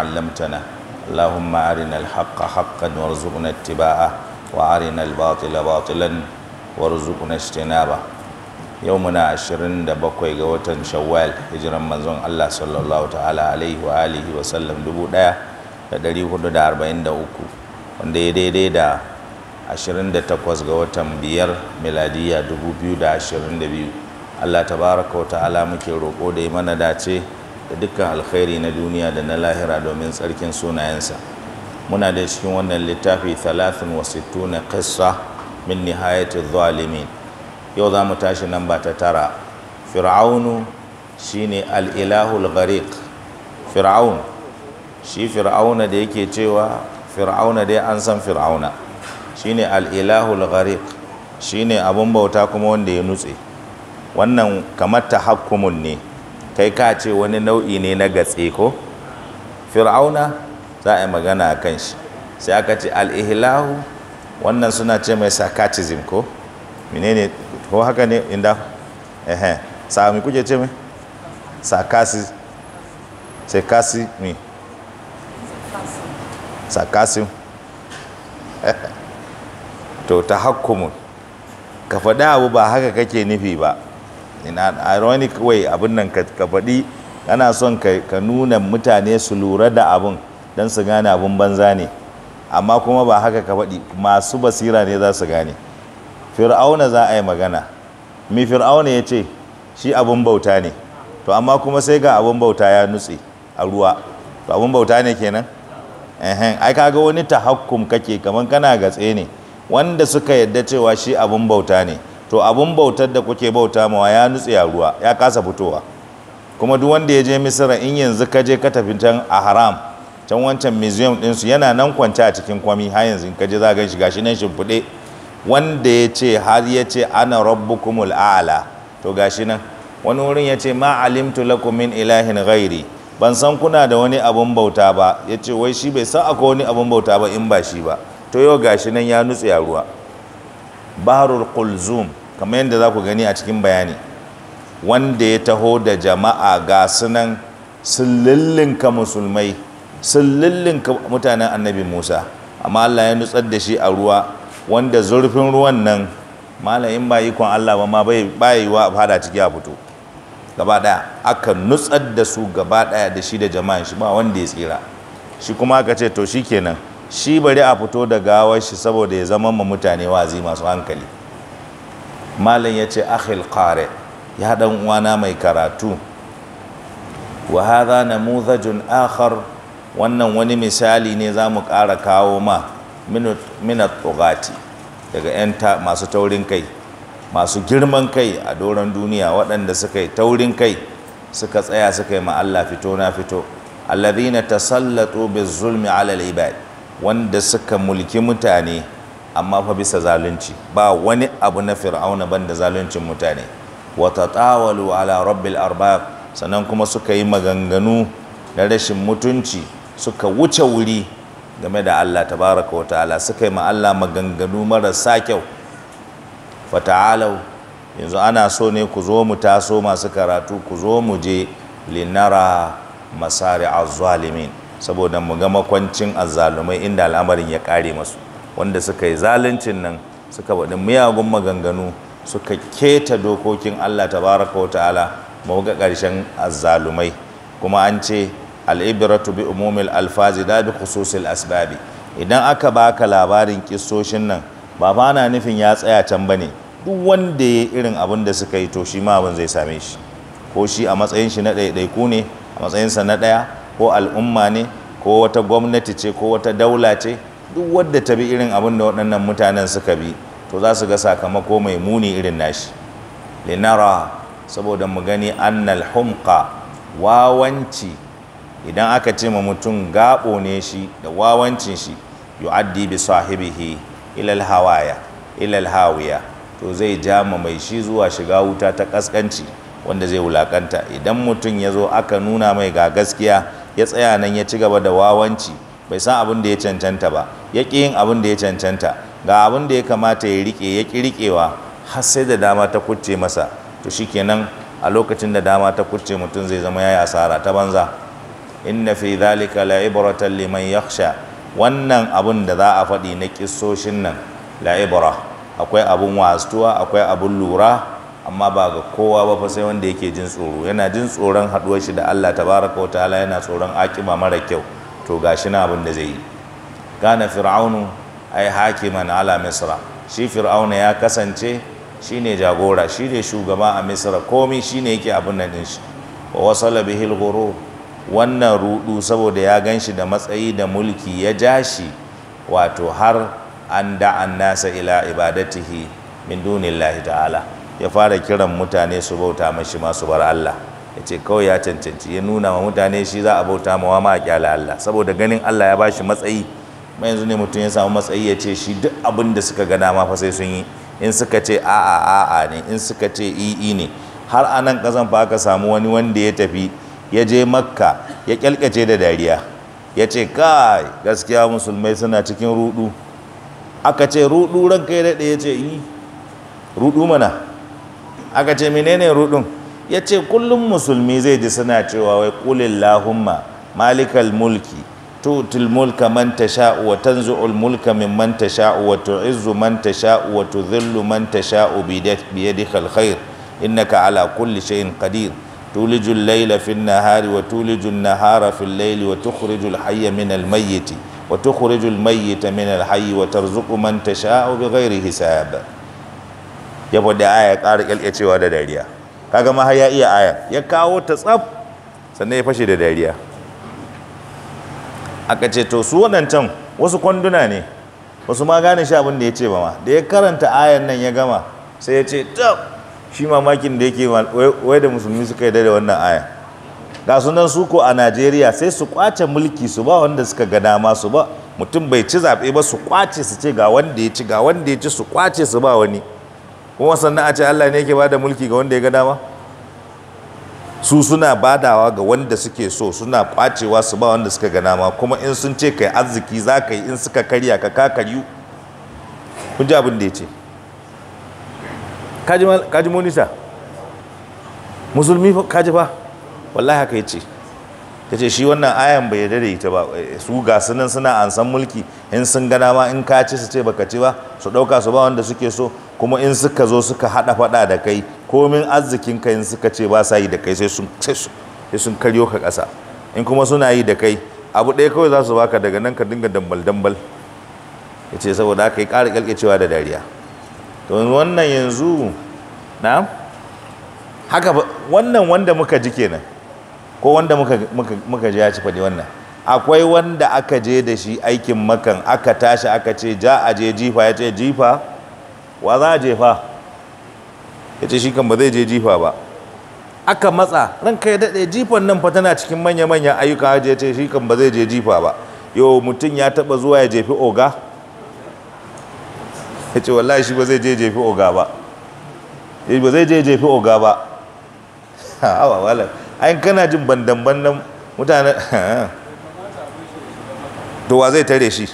علمتنا اللهم أرنا الحق حقا وارزقنا اتباعه وأرنا الباطل باطلا وارزقنا اجتنابه يومنا عشرين دبقوي قوتا شوال هجرا منزون الله صلى الله تعالى عليه وآله وسلم دبو دايا da ɗari hudu da arba'in da uku ya daidai da ashirin da takwas ga watan biyar miladiya dubu biyu da ashirin da biyu allah tabaraka wa ta'ala muke roƙo da yi mana dace da dukkan alkhairi na duniya da na lahira domin tsarkin sunayensa muna da cikin wannan littafi 63 na qissa min nihayati zalimin yau za mu tashi nan ba ta tara fir'aunu shi ne ilahul ghariq fir'aun shi fir'auna da yake cewa fir'auna dai an san fir'auna ne al-ilahul Shi ne abun bauta kuma wanda ya nutse wannan kamar tahakkumun ne kai ka ce wani nau'i ne na gatse ko fir'auna za a yi magana a kan shi sai aka ce al'ihilahu wannan suna ce mai sarcasm ko menene ko haka ne inda ehe sami kuke ce mai sarcasm sarcasm sarcasm to ta hakkumun ka faɗa abu ba haka kake nufi ba in an ironic way abin nan ka faɗi ana son ka nuna mutane su lura da abin don su gane abin banza ne amma kuma ba haka ka faɗi masu basira ne za su gane fir'auna za a yi magana mi fir'auna ya ce shi abin bauta ne to amma kuma sai ga abin bauta ya nutse a ruwa to abin bauta ne kenan ehem ai kaga wani tahakkum kake kaman kana gatse ne wanda suka yadda cewa shi abin bauta ne to abun bautar da kuke bauta mawa ya nutse a ruwa ya kasa fitowa kuma duk wanda ya je misira in yanzu ka je ka tafi can a haram can wancan museum ɗinsu yana nan kwance a cikin kwami har yanzu in ka je za ka shi nan shimfiɗe wanda ya ce har ya ce ana rabbukumul a'ala to gashi nan wani wurin ya ce ma alimtu lakum ilahin ghairi ban san kuna da wani abun bauta ba ya ce wai shi bai san akwai wani abun bauta ba in ba shi ba to yau gashi nan ya nutse a ruwa baharul kulzum kamar yadda za ku gani a cikin bayani wanda ya taho da jama'a ga sunan sun lullinka musulmai sun mutanen annabi musa amma allah ya nutsar da shi a ruwa wanda zurfin ruwan nan malamin ba ikon allah ba ma bai yiwa a fada ciki a fito gaba daya aka nutsar da su gaba daya da shi da jama'an shi ba wanda ya tsira shi kuma aka ce to shi kenan shi bari a fito da gawar shi saboda ya zama ma mutane wazi masu hankali malam ya ce akhil qari ya dan uwana mai karatu wa hadha namuzajun akhar wannan wani misali ne za mu ƙara kawo ma minat tsogati daga 'yan masu taurin kai masu girman kai a doron duniya waɗanda suka yi taurin kai suka tsaya suka yi ma Allah fito na fito alladhina tasallatu bizulmi alal ibad wanda suka mulki mutane amma fa bisa zalunci ba wani abu na fir'auna banda zaluncin mutane wata tawalu ala rabbil arbab sannan kuma suka yi maganganu na rashin mutunci suka wuce wuri game da Allah tabaraka wa ta'ala suka yi ma Allah maganganu marasa kyau fata'alau yanzu ana so ne ku zo mu taso masu karatu ku zo mu je linara masari azzalimin saboda mu ga makwancin azzalumai inda al'amarin ya kare masu wanda suka yi zaluncin nan suka faɗi miyagun maganganu suka keta dokokin Allah ta wa ta'ala mu ga ƙarshen azzalumai kuma an ce al'ibratu bi umumil alfazi da bi khususil asbabi idan aka baka labarin kissoshin nan ba ba na nufin ya tsaya can bane duk wanda ya irin abin da suka yi to shi ma abin zai same shi ko shi a matsayin shi na ɗaiɗaiku ne a matsayinsa na ɗaya ko al'umma ne ko wata gwamnati ce ko wata daula ce duk wadda ta bi irin abin da waɗannan mutanen suka bi to za su ga sakamako mai muni irin nashi linara saboda mu gani annal humqa wawanci idan aka ce ma mutum gaɓo ne shi da wawancin shi yu'addi bi sahibihi ilal hawaya ilal hawiya to zai ja ma mai shi zuwa shiga wuta ta kaskanci wanda zai wulaƙanta idan mutum ya zo aka nuna mai ga gaskiya ya tsaya nan ya ci gaba da wawanci bai san abin da ya cancanta ba ya ƙi yin abin da ya cancanta ga abin da ya kamata ya riƙe ya ƙi riƙewa har sai da dama ta kurce masa to shi shikenan a lokacin da dama ta kurce mutum zai zama yayi asara ta banza inna fi zalika la'ibratan liman yakhsha wannan abin da za a faɗi na kissoshin nan la'ibra akwai abun wastuwa akwai abun lura amma ba ga kowa ba fa sai wanda yake jin tsoro yana jin tsoron haɗuwar shi da Allah tabaraka wa ta'ala yana tsoron akima mara kyau to ga shi na abin da zai yi Gane fir'aunu ai hakiman ala misra shi fir'auna ya kasance shine jagora shine shugaba a misra komi shine yake abin nan ɗin shi wa wasala bihil goro wannan rudu saboda ya ganshi da matsayi da mulki ya ja shi wato har an da'an nasa ila ibadatihi min dunillahi ta'ala ya fara kiran mutane su bauta mashi masu bar Allah ya ce kawai ya cancanci ya nuna wa mutane shi za a bauta mawa ma a kyala Allah saboda ganin Allah ya bashi matsayi mai yanzu ne mutum ya samu matsayi ya ce shi duk abin da suka gana ma fa sai sun yi in suka ce a'a a'a ne in suka ce i ne har a nan fa aka samu wani wanda ya tafi ya je makka ya kyalkace da dariya ya ce kai gaskiya musulmai suna cikin rudu aka ce rudu ranka ya daɗe ya ce yi rudu mana aka ce menene rudun ya ce kullum musulmi zai ji suna cewa wai kulin lahumma malikal mulki tutul mulka man tasha'u wa tanzu'ul mulka mimman tasha'u wa tu'izzu man tasha'u wa tudhillu man tasha'u biyadikal khair innaka ala kulli shay'in qadir تولج الليل في النهار وتولج النهار في الليل وتخرج الحي من الميت وتخرج الميت من الحي وترزق من تشاء بغير حساب يبدا آية قارئ الاتشوى داريا kaga ma har ya iya aya ya kawo ta tsaf sannan ya fashe da dariya aka ce to su wadancan wasu kwanduna ne wasu ma gane shi abin da ya ce ba ma da ya karanta ayan nan ya gama sai ya ce ta shi mamakin da yake wai da musulmi suka kai da wannan aya ga sunan su a najeriya sai su kwace mulki su ba wanda suka ga dama su ba mutum bai ci zaɓe ba su kwace su ce ga wanda ya ci ga wanda ya ci su kwace su ba wani kuma sannan a ce Allah ne yake bada mulki ga wanda ya ga dama su suna badawa ga wanda suke so suna kwacewa su ba wanda suka ga dama kuma in sun ce kai arziki za ka yi in suka karya ka ka karyu kun ji abin da ya ce kaji monita musulmi kaji fa wallahi haka ya ce ta ce shi wannan ayan bai yarda da ita ba su ga su nan suna ansan mulki in sun gana ma in ka ce su ce baka ce ba su ɗauka su ba wanda suke so kuma in suka zo suka hada fada da kai komin arzikin kai suka ce ba sa yi da kai sai sun sai sun karyo ka kasa in kuma suna yi da kai abu ɗaya kawai za su baka daga nan ka dinga dambal dambal ya ce saboda haka ya ƙara cewa da dariya to wannan yanzu na haka wannan wanda muka ji kenan ko wanda muka ji ya ci faɗi wannan akwai wanda aka je da shi aikin makan aka tashi aka ce ja a je jifa ya ce jifa wa za a jefa ya ce shi kan ba zai je jifa ba aka matsa ranka ya daɗe jifan nan fa tana cikin manya manya ayyukan hajji ya ce shi kan ba zai je jifa ba yau mutum ya taɓa zuwa ya jefi oga ya ce wallahi shi ba zai je jefi oga ba ba zai je jefi oga ba hawa wala ayin kana jin bandan-bandan mutane to wa zai tare shi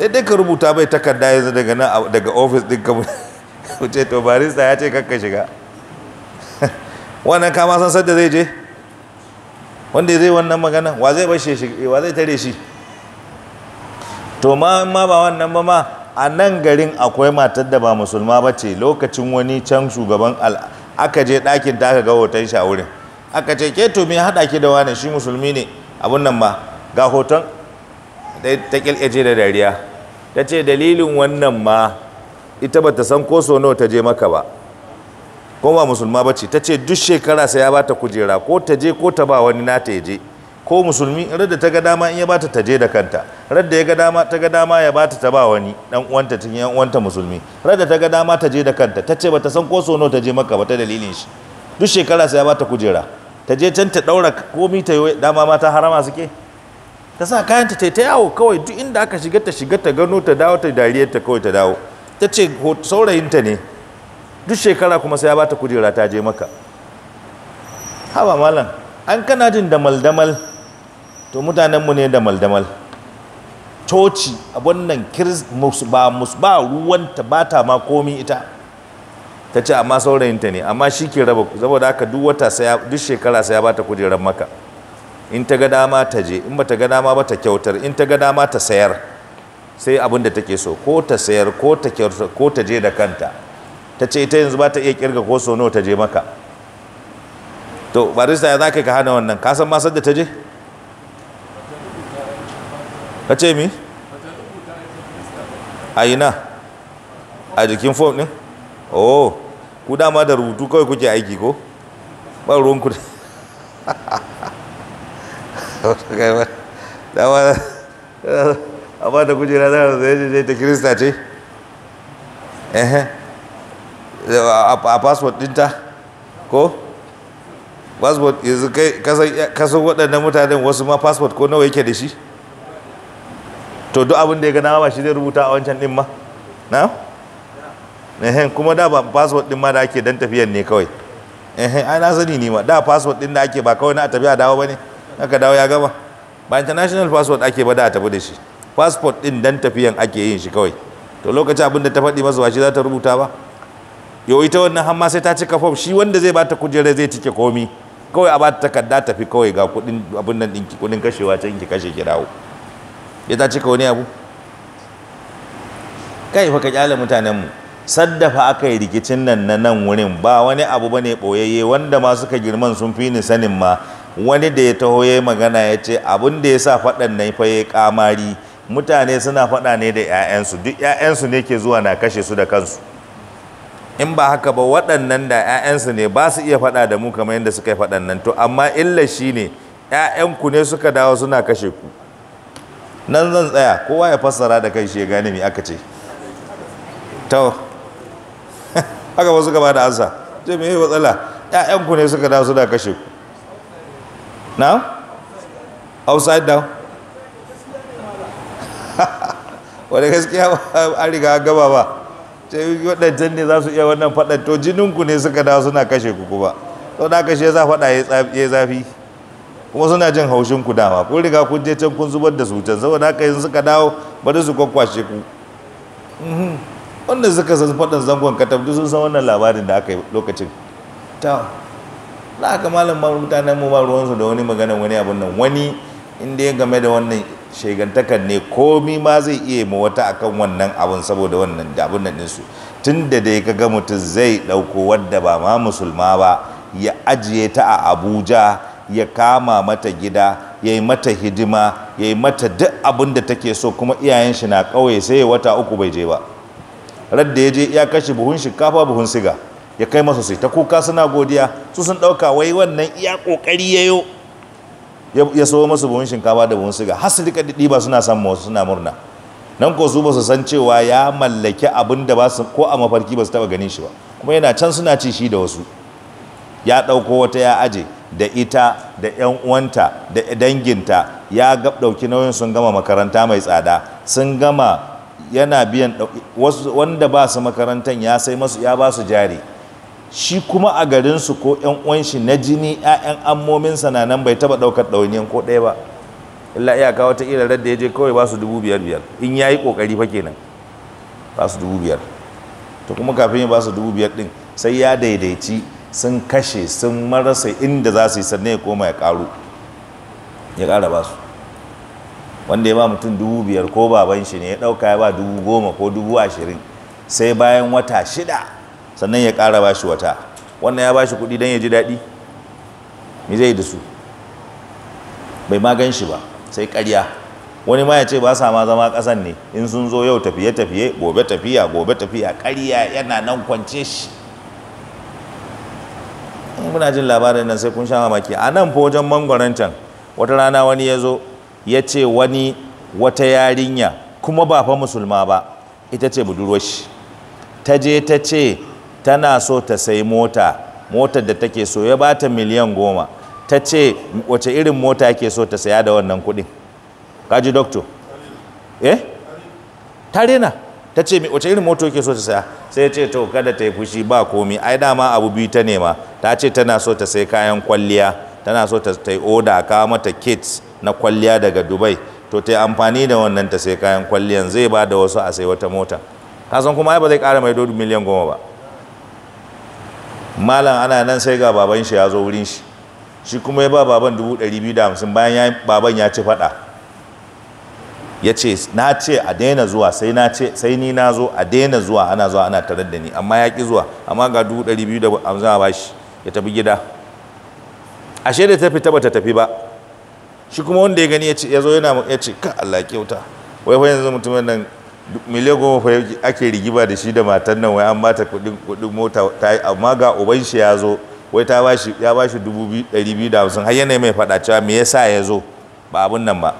Eh, dai ka rubuta bai takarda yanzu daga nan daga ofis din ka wuce to barista ya ce kakka shiga wannan kama san sadda zai je wanda zai wannan magana wa zai bashe shi eh, wa zai tare shi to ma ma ba wannan ba ma a nan garin akwai matar da ba musulma ba ce lokacin wani can shugaban al aka je ɗakin ta aka ga hoton shi a wurin aka ce ke to me haɗa ki da wani shi musulmi ne abun nan ba ga hoton ta kyalƙyace da dariya ta ce dalilin wannan ma ita ba ta san ko so nawa ta je maka ba ko ba musulma ba ce ta ce duk shekara sai ya ba ta kujera ko ta je ko ta ba wani na ta je ko musulmi radda ta ga dama in ya ba ta ta je da kanta radda ya ga dama ta ga dama ya ba ta ta ba wani dan uwanta cikin yan uwanta musulmi radda ta ga dama ta je da kanta ta ce ba ta san ko so nawa ta je maka ba ta dalilin shi duk shekara sai ya ba ta kujera ta je can ta daura komai ta yi dama mata harama suke ta sa kayanta ta ta yawo kawai duk inda aka shiga ta shiga ta gano ta dawo ta dariya ta kawai ta dawo ta ce saurayinta ne duk shekara kuma sai ya bata kujera ta je maka haba malam an kana jin damal-damal to mutanenmu ne damal-damal coci a wannan ba ba ruwanta ba ta ma komi ita ta ce amma saurayinta ne amma shi ke raba saboda aka duk wata duk shekara sai ya bata kujerar maka in ta ga dama ta je in ba ta ga dama ba ta kyautar in ta ga dama ta sayar sai abin da take so ko ta sayar ko ta kyautar ko ta je da kanta ta ce ita yanzu ba ta iya kirga ko so n'o ta je maka to barista ya zaka ka hana wannan ka san ma da ta je ka ce mi a ina a jikin fom ne? oh ku dama da rubutu kawai kuke aiki ko ba ruwanku da dama a ba ta kujera za ta zai zai ta kirista ce a passport dinta ko passport yanzu kasan waɗannan mutanen wasu ma passport ko nawa yake da shi to duk abin da ya gana ba shi zai rubuta a wancan ɗin ma na? ehen kuma da ba passport ɗin ma da ake dan tafiyan ne kawai ehen ai na sani ne ma da passport din da ake ba kawai na tafiya dawo ba ne aka dawo ya gama ba international passport ake ba da tafi da shi passport din dan tafiyan ake yin shi kawai to lokacin abin da ta faɗi masa washi shi za ta rubuta ba yo ita wannan hamma sai ta cika form shi wanda zai bata kujerar zai cike komi kawai a ba ta takarda tafi kawai ga kudin abin nan dinki kudin kashewa can ki kashe ki dawo ya ta cika wani abu kai fa ka kyale mutanen mu saddafa aka yi rikicin nan na nan wurin ba wani abu bane boyayye wanda ma suka girman sun fi ni sanin ma wani da ya taho ya yi magana ya ce abin da ya sa faɗan nan fa ya kamari mutane suna faɗa ne da 'ya'yansu duk 'ya'yansu ne ke zuwa na kashe su da kansu in ba haka ba waɗannan da 'ya'yansu ne ba su iya faɗa da mu kamar yadda suka yi faɗan nan to amma illa shi ne 'ya'yanku ne suka dawo suna kashe ku nan zan tsaya kowa ya fassara da kai shi ya gane me aka ce to haka ba suka ba da ansa ce me matsala 'ya'yanku ne suka dawo suna kashe ku now outside now wani gaskiya an riga gaba ba waɗancan ne za su iya wannan faɗa to jininku ne suka dawo suna kashe ku kuma sau da kashe za faɗa ya zafi kuma suna jin haushin ku dama kun riga kun je can kun zubar da su can saboda haka yanzu suka dawo bari su kwakwashe ku mhm. wannan suka san faɗin zangon katabdu sun san wannan labarin da aka yi lokacin ta za ka malam mutanen mu ba ruwansu da wani magana wani abun nan wani inda ya game da wannan shegantakar ne komi ma zai iya mu wata akan wannan abun saboda wannan abun nan ɗinsu tun da ya ka ga mutum zai ɗauko wadda ba ma musulma ba ya ajiye ta a abuja ya kama mata gida ya yi mata hidima ya yi mata duk abin da take so kuma iyayen shi na ƙauye sai wata uku bai je ba radda ya je ya kashe buhun shinkafa buhun siga ya kai masa sai ta kuka suna godiya su sun ɗauka wai wannan iya ƙoƙari ya yo ya so masu buhun shinkafa da buhun siga har su rika ba suna san wasu suna murna nan ko su ba su san cewa ya mallaki abin da ba su ko a mafarki ba su taɓa ganin shi ba kuma yana can suna ci shi da wasu ya ɗauko wata ya aje da ita da 'yan uwanta da danginta ya ɗauki nauyin sun gama makaranta mai tsada sun gama yana biyan wanda ba su makarantan ya sai masu ya ba su jari shi kuma a garinsu ko yan uwan shi na jini 'ya'yan ammominsa na nan bai taba ɗaukar ɗaunin ko ɗaya ba illa iyaka wata rar da ya je kawai ba su dubu biyar biyar in ya yi ƙoƙari fa kenan ba su dubu biyar to kuma kafin ya ba su dubu biyar ɗin sai ya daidaici sun kashe sun marasa inda za su yi sannan ya koma ya ƙaru ya ƙara ba wanda ya ba mutum dubu biyar ko baban shi ne ya ɗauka ya ba dubu goma ko dubu ashirin sai bayan wata shida sannan ya kara bashi wata wannan ya bashi kuɗi don ya ji daɗi me zai da su bai ma gan shi ba sai ƙarya wani ma ya ce ba sa ma zama ƙasan ne in sun zo yau tafiye tafiye gobe tafiya gobe tafiya ƙarya yana nan kwance shi muna jin labarin nan sai kun sha mamaki a nan fa wajen mangwaron can wata rana wani ya zo ya ce wani wata yarinya kuma ba fa musulma ba ita ce budurwar shi ta je ta ce tana so ta sai mota motar da take so ya bata miliyan goma ta ce wace irin mota yake so ta saya da wannan kuɗin kaji dokto. eh rena. ta ce wace irin mota yake so ta saya sai ce to kada ta yi fushi ba komi ai dama abu biyu ta nema ta ce tana so ta sai kayan kwalliya tana so ta yi oda kawo mata kits na kwalliya daga dubai to ta yi amfani da wannan ta sai kayan kwalliyan zai ba da wasu a sai wata mota kasan kuma ai ba zai kara mai dodo miliyan goma ba malam ana nan sai ga baban shi ya zo wurin shi shi kuma ya ba baban 250 bayan baban ya ci fada ya ce na ce a daina zuwa sai na ce sai ni na zo a daina zuwa ana zuwa ana tarar da ni amma ya ki zuwa amma ga 250 a bashi ya tafi gida ashe da ta fita bata tafi ba shi kuma wanda ya gani ya zo yana ya ce ka Allah kyauta wai fa yanzu mutumin nan duk goma fa ake rigima da shi da matan nan wai an mata kudin kudin mota ta amma ga uban shi ya zo wai ta bashi ya da hamsin har yana mai fada cewa me yasa ya zo ba abun nan ba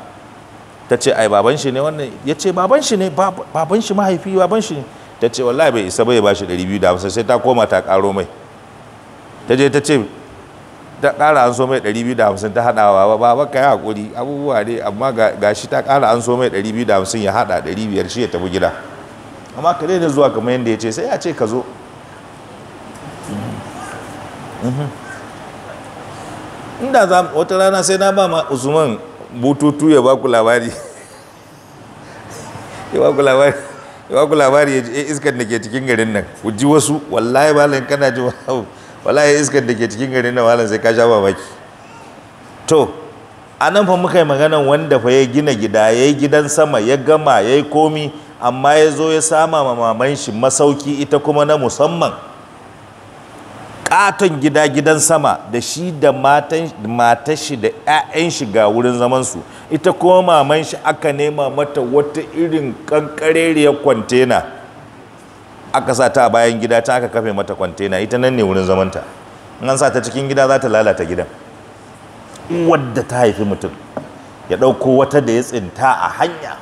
ta ce ai baban shi ne wannan ya ce baban shi ne baban shi mahaifi baban shi ne ta ce wallahi bai isa bai bashi 250 sai ta koma ta karo mai ta je ta ce ta ƙara an so mai 250 ta haɗawa ba ba ka yi haƙuri abubuwa ne amma ga shi ta ƙara an so mai 250 ya haɗa 500 shi ya tafi gida amma ka daina zuwa kamar yadda ya ce sai ya ce ka zo mhm. inda za wata rana sai na ba ma usman bututu ya ba ku labari ya ba ku labari ya ba ku labari ya eh, iskar da ke cikin garin nan ku ji wasu wallahi ba kana ji wasu wallahi iskar da ke cikin garin na malam sai ka sha babaki to a fa muka yi maganan wanda fa ya gina gida ya yi gidan sama ya gama ya yi komi amma ya zo ya sama ma maman shi masauki ita kuma na musamman katon gida gidan sama da shi da matan shi da 'ya'yan shi ga wurin zaman su ita kuma maman shi aka nema mata wata irin kankareriyar kwantena aka sa ta a bayan gida ta aka kafe mata kwantena ita nan ne wurin zamanta in sa ta cikin gida za ta lalata gidan wadda ta haifi mutum ya ɗauko wata da ya tsinta a hanya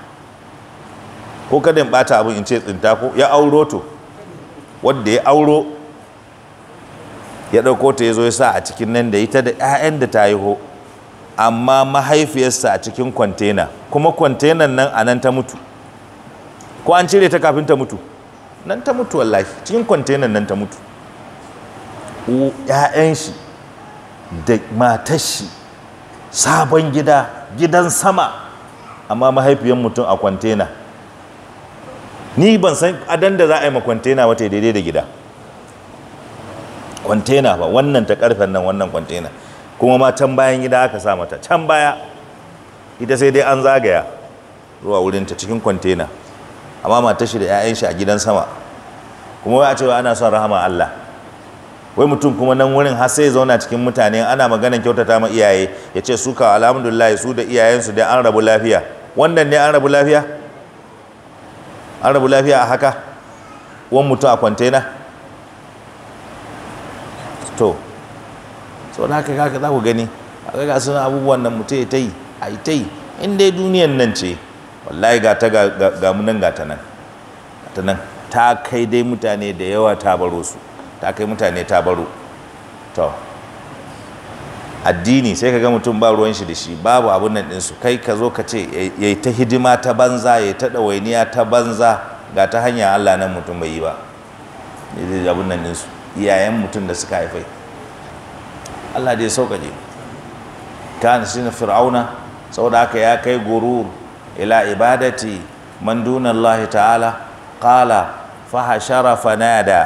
ko kada in ɓata abin in ce tsinta ko ya auro to wadda ya auro ya ɗauko ta ya zo ya sa a cikin nan da ita da 'ya'yan da ta haiho amma mahaifiyarsa a cikin kwantena kuma kwantenan nan a nan ta mutu ko an cire ta kafin ta mutu nan ta mutu wallahi cikin kwantenan nan ta mutu ƴaƴan shi da matar sabon gida gidan sama amma mahaifiyan mutum a kwantena ni ban san adan da za a yi ma kwantena wata daidai da gida kwantena ba wannan ta karfen nan wannan kwantena kuma ma can bayan gida aka sa mata can baya ita sai dai an zagaya zuwa wurinta cikin kwantena amma mata shi da 'ya'yan shi a gidan sama kuma wai a cewa ana son rahama Allah wai mutum kuma nan wurin har sai zauna cikin mutane ana maganan kyautata ma iyaye ya ce su ka alhamdulillah su da iyayensu dai an rabu lafiya wannan ne an rabu lafiya an rabu lafiya a haka wan mutum a kwantena to so haka kaka za ku gani a ga suna abubuwan nan mutum ya ta yi a yi ta yi in dai duniyan nan ce wallahi ga ta ga mu nan ga ta nan ta nan ta kai dai mutane da yawa ta baro su ta kai mutane ta baro to addini sai ka ga mutum ba ruwan shi da shi babu abun nan ɗinsu kai ka zo ka ce yayi ta hidima ta banza yayi ta ɗawainiya ta banza ga ta hanya Allah nan mutum bai yi ba abun nan ɗinsu iyayen mutum da suka haifai Allah dai sauƙaƙe kana shi na fir'auna saboda haka ya kai gurur ila ibadati man Allah ta'ala qala fa na fanada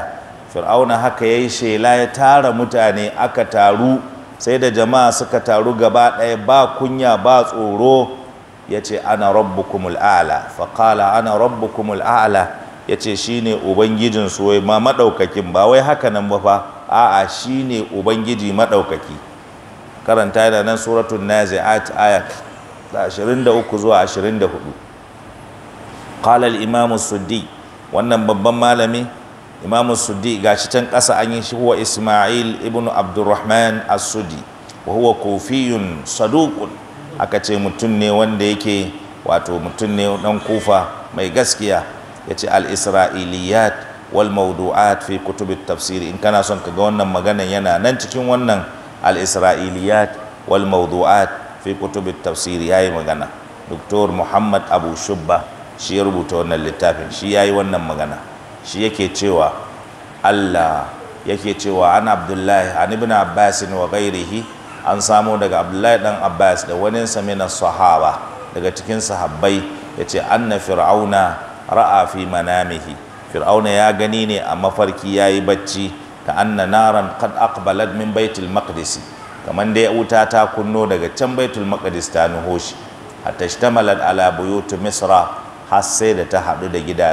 fir'auna haka yayi shela ya tara mutane aka taru sai da jama'a suka taru gaba ɗaya ba kunya ba tsoro yace ana rabbukumul a'la fa qala ana rabbukumul a'la yace shine ubangijin su wai ma madaukakin ba wai haka nan ba fa a'a shine ubangiji madaukaki karanta da nan suratul nazi'at ayat da 23 zuwa 24 qala al-imam suddi wannan babban malami imam suddi gashi can ƙasa an yi shi huwa isma'il ibnu abdurrahman as-suddi wa huwa kufiyun saduqun aka ce mutum ne wanda yake wato mutum ne dan kufa mai gaskiya yace al-isra'iliyat wal mawdu'at fi kutubit tafsiri in kana son ka ga wannan maganan yana nan cikin wannan al-isra'iliyat wal mawdu'at fi kutubin tafsiri ya yi magana doktor muhammad abu shubba shi ya rubuta wannan littafin shi ya yi wannan magana shi yake cewa allah yake cewa an abdullahi an ibn abbasin wa gairihi an samo daga abdullahi dan abbas da wani mina sahaba daga cikin sahabbai ya ce anna fir'auna ra'a fi manamihi fir'auna ya gani ne a mafarki ya yi bacci ka anna naran qad aqbalat min baitul maqdisi kamar dai wuta ta kunno daga can baitul maqdis ta nuho shi hatta shtamalat ala buyuti misra har sai da ta hadu da gida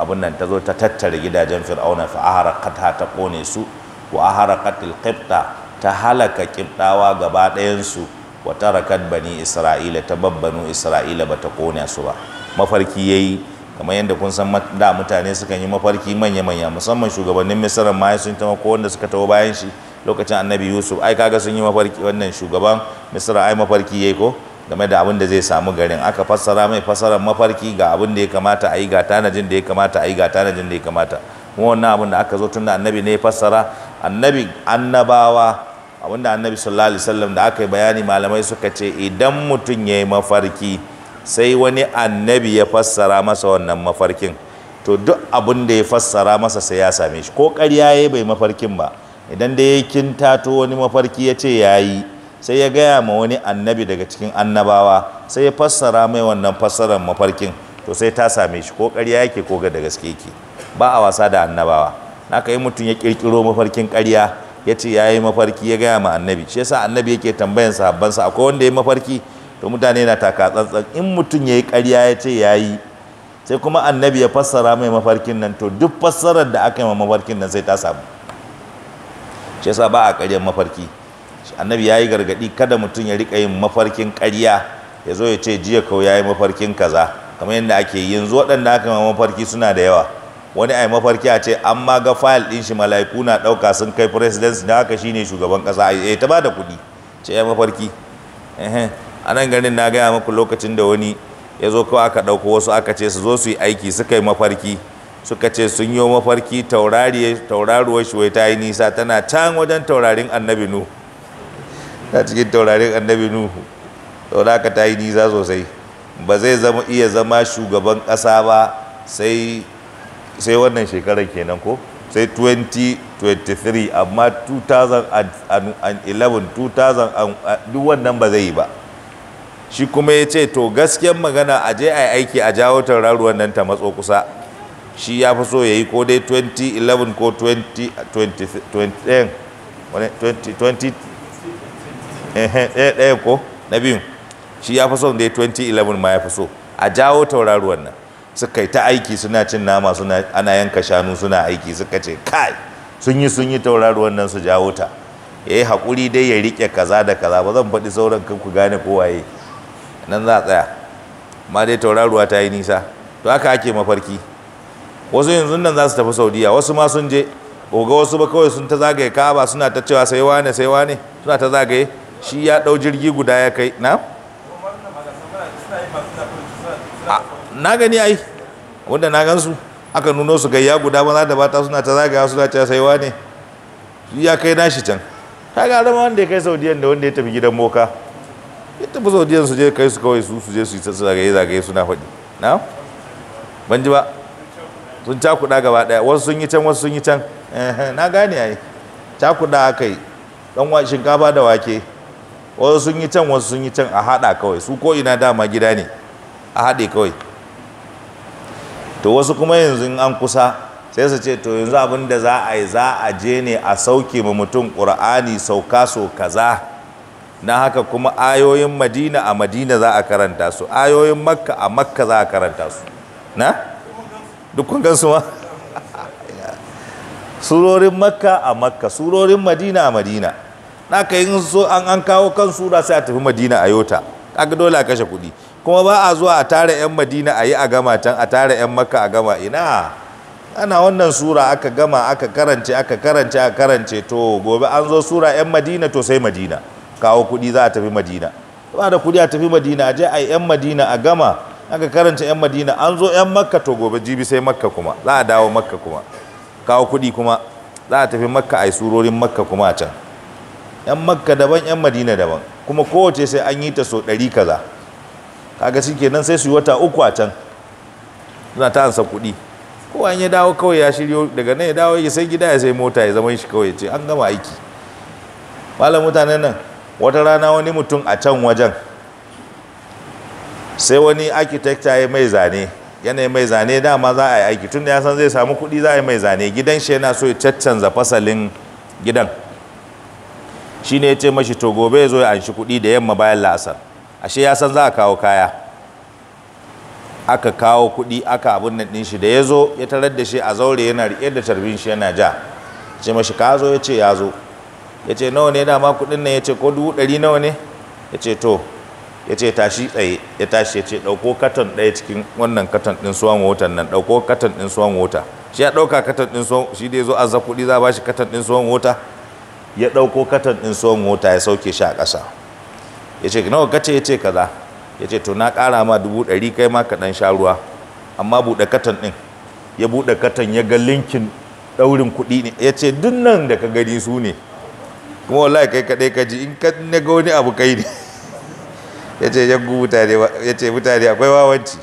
abin nan ta zo ta tattara gidajen fir'auna fa aharaqat ta kone su wa aharaqatil qibta ta halaka qibtawa gaba ɗayan su wa tarakat bani isra'ila ta babbanu isra'ila bata kone su ba mafarki yayi kamar yadda kun san da mutane sukan yi mafarki manya-manya musamman shugabannin misra ma sun tama ko wanda suka tawo bayan shi lokacin annabi yusuf ai kaga sun yi mafarki wannan shugaban misra ai mafarki yayi ko game da abin da zai samu garin aka fassara mai fassarar mafarki ga abin da ya kamata a yi ga tanajin da ya kamata a yi ga tanajin da ya kamata kuma wannan abin da aka zo tun annabi ne ya fassara annabi annabawa abin da annabi sallallahu alaihi wasallam da aka yi bayani malamai suka ce idan mutum ya yi mafarki sai wani annabi ya fassara masa wannan mafarkin to duk abin da ya fassara masa sai ya same shi ko ƙarya ya bai mafarkin ba idan da ya tato wani mafarki ya ce ya yi sai ya gaya ma wani annabi daga cikin annabawa sai ya fassara mai wannan fassarar mafarkin to sai ta same shi ko ƙarya yake ko ga da gaske yake ba a wasa da annabawa ka yi mutum ya ƙirƙiro mafarkin ƙarya ya ce ya yi mafarki ya gaya ma annabi shi yasa annabi yake tambayan sahabbansa akwai wanda ya yi mafarki to mutane na taka tsantsan in mutum ya yi ƙarya ya ce ya yi sai kuma annabi ya fassara mai mafarkin nan to duk fassarar da aka yi ma mafarkin nan sai ta samu shi yasa ba a ƙaryar mafarki annabi ya yi gargaɗi kada mutum ya riƙa yin mafarkin ƙarya ya zo ya ce jiya kau ya yi mafarkin kaza kamar yadda ake yanzu waɗanda aka yi mafarki suna da yawa wani ai mafarki a ce an ma ga fayil ɗin shi mala'iku na ɗauka sun kai presidency da haka shine shugaban ƙasa a eh, ta ba da kuɗi ce ya mafarki a nan ganin na gaya maku lokacin da wani ya zo kawai aka ɗauko wasu aka ce su zo su yi aiki suka yi mafarki suka ce sun yi mafarki tauraruwar shi ta yi nisa tana can wajen taurarin annabi nu ta cikin taurarin annabi nu tauraka ta yi nisa sosai ba zai iya zama shugaban ƙasa ba sai wannan shekarar kenan ko sai 2023 amma 2011 duk wannan ba zai yi ba shi kuma ya ce to gasken magana a je a yi aiki a jawo tauraruwan nan ta matso kusa shi ya fi so ya yi ko dai 2011 ko 2020 eh, eh, eh, ko na biyu shi ya fi so dai 2011 ma ya fi so a jawo tauraruwan nan suka yi ta aiki suna cin nama suna ana yanka shanu suna aiki suka ce kai sun yi sun yi tauraruwan nan su jawo ta ya yi haƙuri dai ya riƙe kaza da kaza ba zan faɗi sauran kan ku gane kowaye nan za a tsaya ma dai tauraruwa ta yi nisa to haka ake mafarki wasu yanzu nan za su tafi saudiya wasu ma sun je ga wasu ba kawai sun ta zagaye kaba suna ta cewa sai wane sai wane suna ta zagaye shi ya ɗau jirgi guda ya kai na na gani ai wanda na gansu aka nuno su gayya guda maza da bata suna ta zagaya suna cewa sai wane ya kai nashi can Ta ga zama wanda ya kai saudiyan da wanda ya tafi gidan moka ya tafi saudiyan su je kai su kawai su su je su yi zagaye zagaye suna faɗi na ban ji ba sun cakuɗa gaba ɗaya wasu sun yi can wasu sun yi can na gane ai cakuɗa aka yi ɗan shinkafa da wake wasu sun yi can wasu sun yi can a haɗa kawai su ko ina dama gida ne a haɗe kawai to wasu kuma yanzu an kusa sai su ce to yanzu abin da za a yi za a je ne a sauke ma mutum ƙur'ani sauka so kaza na haka kuma ayoyin madina a madina za a karanta su ayoyin makka a makka za a karanta su na duk kun gansu ma surorin makka a makka surorin madina a madina na ka yi so an an kawo kan sura sai a tafi madina a yota kaga dole a kashe kuɗi kuma ba a zuwa a tara 'yan madina a yi a gama can a tara 'yan makka a gama ina ana wannan sura aka gama aka karance aka karance aka karance to gobe an zo sura 'yan madina to sai madina kawo kuɗi za a tafi madina ba da kuɗi a tafi madina a je a yi 'yan madina a gama aka karanta 'yan madina an zo 'yan makka to gobe jibi sai makka kuma za a dawo makka kuma kawo kuɗi kuma za a tafi makka a yi surorin makka kuma a can 'yan makka daban 'yan madina daban kuma kowace sai an yi ta so ɗari kaza kaga shi kenan sai su yi wata uku a can suna ta ansa kuɗi Ko an ya dawo kawai ya shiryo daga nan ya dawo ya sai gida ya sai mota ya zama shi kawai ce an gama aiki malam mutanen nan wata rana wani mutum a can wajen sai wani arkitekta ya mai zane yanayi mai zane dama za a yi aiki tun da ya san zai samu kuɗi za a yi mai zane gidan shi yana so ya caccanza fasalin gidan shi ne ya ce mashi to gobe ya zo ya anshi kuɗi da yamma bayan la'asar ashe ya san za a kawo kaya aka kawo kuɗi aka abin nan ɗin shi da ya zo ya tarar da shi a zaure yana riƙe da tarbin shi yana ja ce mashi ka zo ya ce ya zo ya ce nawa ne dama kuɗin nan ya ce ko dubu ɗari nawa ne ya ce to ya ce tashi tsaye ya tashi ya ce ɗauko katon ɗaya cikin wannan katon ɗin suwan watan nan ɗauko katon ɗin suwan wata shi ya ɗauka katon ɗin suwan shi dai zo za kuɗi za ba shi katon ɗin suwan wata ya ɗauko katon ɗin suwan wata ya sauke shi a ƙasa ya ce nawa kace ya ce kaza ya ce to na ƙara ma dubu ɗari kai ma ka ɗan sha ruwa amma buɗe katon ɗin ya buɗe katon ya ga linkin ɗaurin kuɗi ne ya ce duk nan da ka gani su ne kuma wallahi kai kaɗai ka ji in ka na ga wani abu kai ne ya ce yaggu ya ce mutane akwai wawanci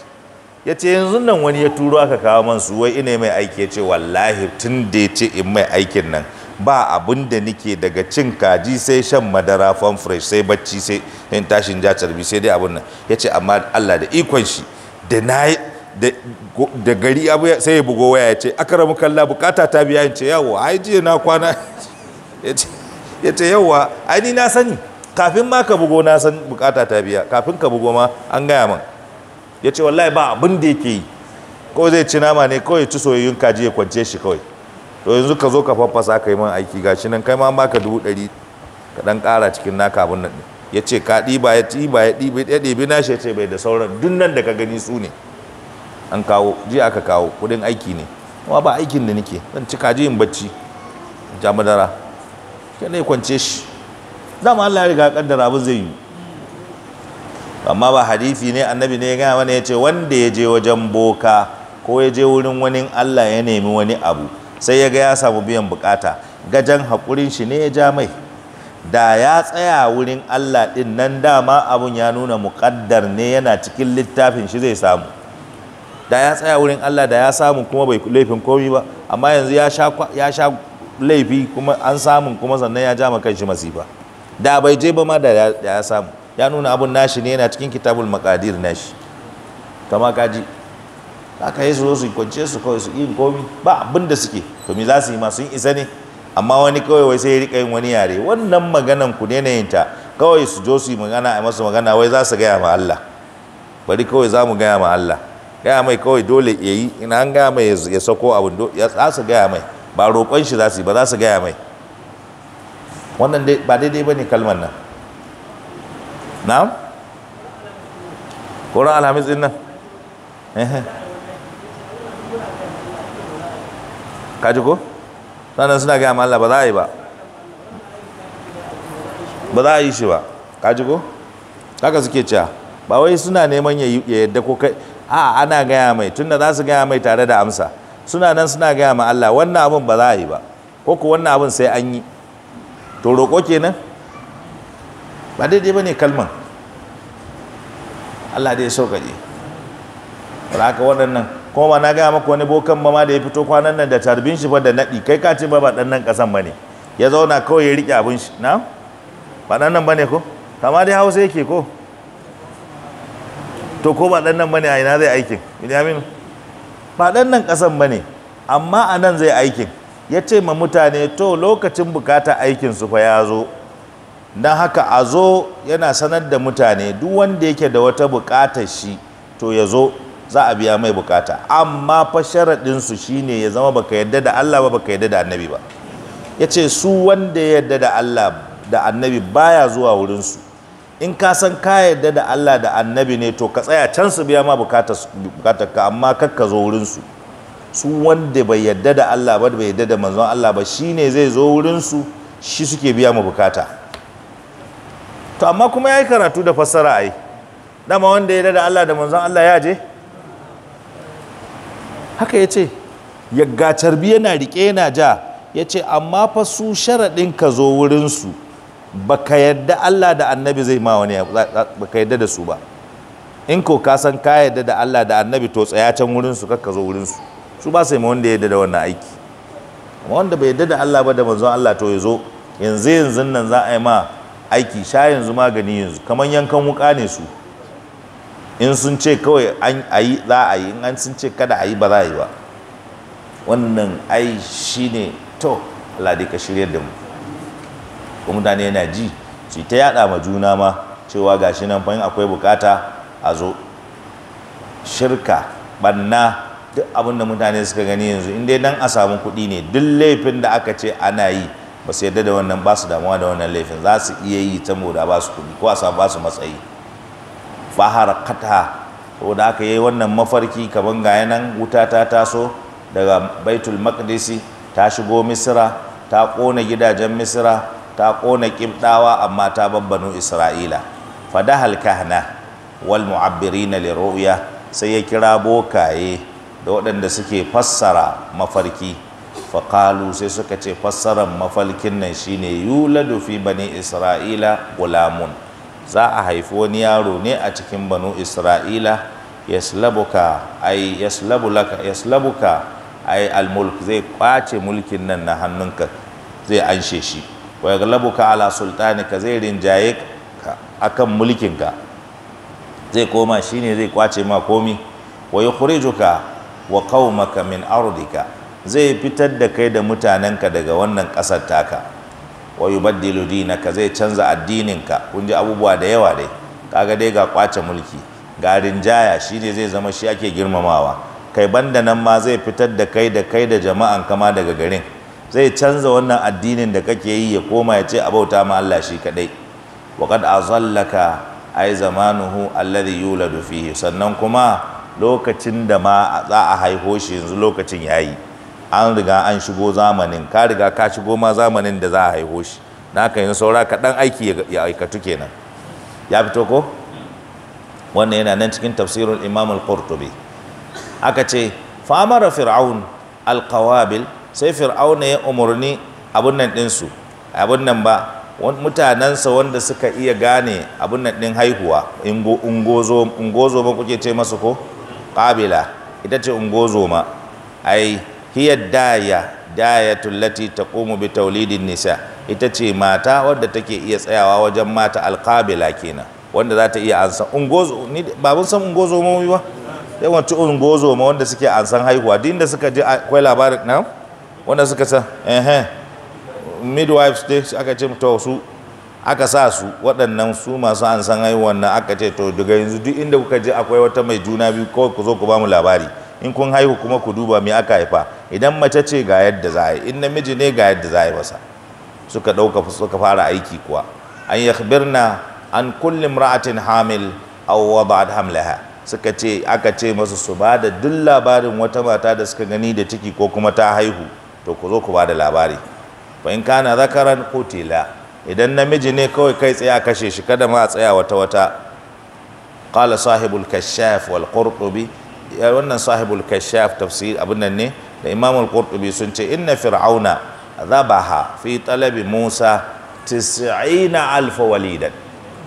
ya ce yanzu nan wani ya turo aka kawo man su wai ina mai aiki ya ce wallahi tun da ya ce in mai aikin nan ba abin da nike daga cin kaji sai shan madara fan fresh sai bacci sai yin tashin ja carbi sai dai abin nan ya ce amma Allah da ikon shi da na da gari abu sai ya bugo waya ya ce akaramu kalla bukata ta biya in ce yawo ai jiya na kwana ya ce yawa ai ni na sani kafin ma ka bugo na san bukata ta biya kafin ka bugo ma an gaya min ya ce wallahi ba abin da yake yi ko zai ci nama ne kawai ci soyayyun kaji ya kwance shi kawai to yanzu ka zo ka faffasa ka yi min aiki ga shi nan kai ma baka dubu ɗari ka ɗan ƙara cikin naka abin nan ya ce ka ɗiba ya ɗiba ya ɗiba ya ɗibi na shi ya ce bai da sauran duk nan da ka gani su ne an kawo ji aka kawo kuɗin aiki ne kuma ba aikin da nake zan ci kaji in bacci ja madara kai ne kwance shi dama Allah ya riga kaddara abin zai yi amma ba hadisi ne annabi ne ya gaya mana ya ce wanda ya je wajen boka ko ya je wurin wani Allah ya nemi wani abu sai ya ga ya samu biyan bukata gajan haƙurin shi ne ya ja mai da ya tsaya wurin Allah din nan dama abun ya nuna muƙaddar ne yana cikin littafin shi zai samu da ya tsaya wurin Allah da ya samu kuma bai laifin komi ba amma yanzu ya sha laifi kuma an samun kuma sannan ya ja ma kan shi masifa da bai je ba ma da ya samu ya nuna abun nashi ne yana cikin kitabul makadir nashi kama kaji aka yi su zo su kwance su kawai su yi komi ba abin da suke to me za su yi ma sun isa ne amma wani kawai wai sai ya rika yin wani yare wannan maganan ku ne yin ta kawai su zo su yi magana a masu magana wai za su gaya ma Allah bari kawai za mu gaya ma Allah gaya mai kawai dole ya yi ina an gaya mai ya sako abin ya za su gaya mai ba roƙon shi za su yi ba za su gaya mai wannan ba daidai ba ne kalmar nan na'am ƙoron alhamis din nan kaji ko sannan suna gaya ma Allah ba za a yi ba ba za a yi shi ba kaji ko haka suke cewa ba wai suna neman ya yadda ko kai a ana gaya mai Tun da za su gaya mai tare da amsa suna nan suna gaya ma Allah wannan abin ba za a yi ba ko ku wannan abin sai an yi to roƙo kenan ba daidai ba ne kalman allah dai sauƙaƙe ba haka waɗannan kuma ba na gaya maka wani bokan ba ma da ya fito kwanan nan da tarbin shi ba da naɗi kai ka ce ba ba ɗan nan ƙasan ba ne ya zauna kawai ya riƙe abin shi na ba ɗan nan ba ne ko kama dai hausa yake ko to ko ba ɗan nan ba ne a ina zai aikin ba ɗan nan ƙasan ba ne amma a nan zai aikin ya ce ma mutane to lokacin bukata aikinsu fa ya zo don haka a zo yana sanar da mutane duk wanda yake da wata bukatar shi to ya zo za a biya mai bukata amma fa sharaɗinsu shine ya zama baka yadda da Allah ba baka yadda da annabi ba ya ce su wanda ya yadda da Allah da annabi baya zuwa wurinsu in ka san ka yadda da Allah da annabi ne to ka tsaya can su biya ma bukatar ka amma kakka zo wurinsu su wanda bai yadda da Allah ba bai yadda da manzon Allah ba shine zai zo wurin su shi suke biya mu bukata to amma kuma yayi karatu da fassara ai dama wanda ya da Allah da manzon Allah ya je haka yace ya ga tarbi yana rike yana ja yace amma fa su sharadin ka zo wurin su baka yadda Allah da annabi zai ma wani baka yadda da su ba in ko ka san ka yadda da Allah da annabi to tsaya can wurin su kakka zo wurin su su ba su yi wanda ya dada wannan aiki wanda bai yadda da Allah ba da manzon Allah to ya zo yanzu yanzu nan za a yi ma aiki sha yanzu magani yanzu kamar yankan wuka ne su in sun ce kawai an ayi za a yi in an sun ce kada a yi ba za a yi ba wannan ai shi ne to Allah dai ka shirya da mu ko mutane yana ji su ta yada ma juna ma cewa gashi nan fa akwai bukata a zo shirka banna duk abin da mutane suka gani yanzu in dai dan a samu kuɗi ne duk laifin da aka ce ana yi ba su yadda da wannan ba su damuwa da wannan laifin za su iya yi ta moda ba su kuɗi ko a samu ba su matsayi fahar kata da aka yi wannan mafarki kaman ga nan wuta ta taso daga baitul maqdisi ta shigo misira ta ƙona gidajen misira ta kona ƙibɗawa amma ta babbanu isra'ila fadahal kahna wal mu'abbirina liru'ya sai ya kira bokaye da waɗanda suke fassara mafarki faƙalu sai suka ce fassarar mafalkin nan shine yuladu fi bani isra'ila gulamun za a haifi wani yaro ne a cikin banu isra'ila yaslabuka ai yaslabulaka yaslabuka ai almulk zai kwace mulkin nan na hannunka zai anshe shi wa galabuka ala sultanika zai rinjaye akan mulkinka zai koma shine zai kwace ma komi wa wa qaumaka min ardika zai fitar da kai da mutanenka daga wannan ƙasar taka wa yubaddilu dinaka zai canza addininka kun ji abubuwa da yawa dai kaga dai ga kwace mulki ga rinjaya ne zai zama shi ake girmamawa kai banda nan ma zai fitar da kai da kai da jama'an kama daga garin zai canza wannan addinin da kake yi ya koma ya ce a bauta ma Allah shi kadai wa qad azallaka ay zamanuhu alladhi yuladu fihi sannan kuma lokacin da ma za a haiho shi yanzu lokacin ya yi an riga an shigo zamanin ka riga ka shigo ma zamanin da za a haiho shi na ka yin saura kaɗan aiki ya aikatu kenan ya fito ko wannan yana nan cikin tafsirin imam al-qurtubi aka ce famara fir'aun al alkawabil sai fir'auna ya umarni abun nan su abun nan ba mutanensa wanda suka iya gane abin nan din haihuwa ungozo ma kuke ce masu ko qabila ita ce ungozoma ai hiya daya dayatul lati taqumu bi taulidin nisa ita ce mata wadda take iya tsayawa wajen mata alqabila kenan wanda za ta iya ansa ungozo ni babun san wuyi ba yawanci ungozoma wanda suke ansan haihuwa duk inda suka ji akwai labarin nan wanda suka san eh midwives dai aka ce to su aka sa su waɗannan su masu an san haihuwan nan aka ce to daga yanzu duk inda kuka je akwai wata mai juna biyu kawai ku zo ku ba mu labari in kun haihu kuma ku duba me aka haifa idan mace ce ga yadda za a yi in namiji ne ga yadda za a yi masa suka ɗauka suka fara aiki kuwa an yakhbirna an kulli imra'atin hamil aw wada'at hamlaha suka ce aka ce masu su ba da duk labarin wata mata da suka gani da ciki ko kuma ta haihu to ku zo ku ba da labari fa in kana zakaran qutila idan namiji ne kawai kai tsaye a kashe shi kada ma a tsaya wata wata qala sahibul kashaf wal qurtubi wannan sahibul kashaf tafsir abin nan ne da imam kurɗubi sun ce inna fir'auna zabaha fi talabi musa tis'ina alfa walidan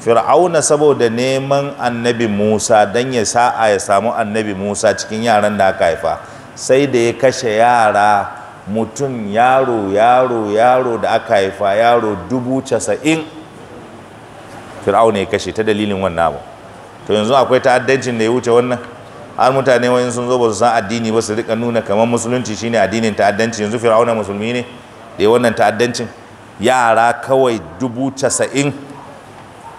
fir'auna saboda neman annabi musa dan ya sa'a ya samu annabi musa cikin yaran da aka haifa sai da ya kashe yara mutum yaro yaro yaro da aka haifa yaro dubu casa'in fir'auna ya kashe ta dalilin wannan abu to yanzu akwai ta'addancin da ya wuce wannan har mutane wani sun zo ba su san addini ba su rika nuna kamar musulunci shine addinin ta'addanci yanzu fir'auna musulmi ne da wannan ta'addancin yara kawai dubu casa'in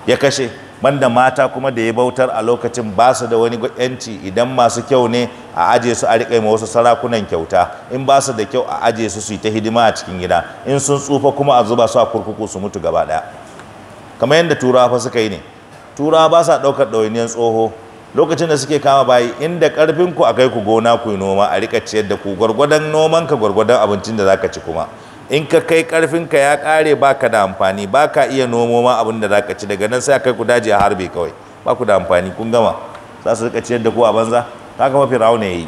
ya kashe banda mata kuma da ya bautar a lokacin ba su da wani yanci idan masu kyau ne a aje su a riƙe ma wasu sarakunan kyauta in ba su da kyau a aje su su yi ta hidima a cikin gida in sun tsufa kuma a zuba su a kurkuku su mutu gaba ɗaya kamar yadda turawa fa suka yi ne turawa ba sa ɗaukar ɗawainiyar tsoho lokacin da suke kama bayi inda ƙarfinku a kai ku gona ku yi noma a riƙa ciyar da ku gwargwadon nomanka gwargwadon abincin da za ka ci kuma in ka kai karfinka ya kare baka da amfani baka iya nomo ma abin da zaka ci daga nan sai kai ku daji a harbe kawai ba ku da amfani kun gama za su rika ciyar da ku a banza kaga mafi rauna yi.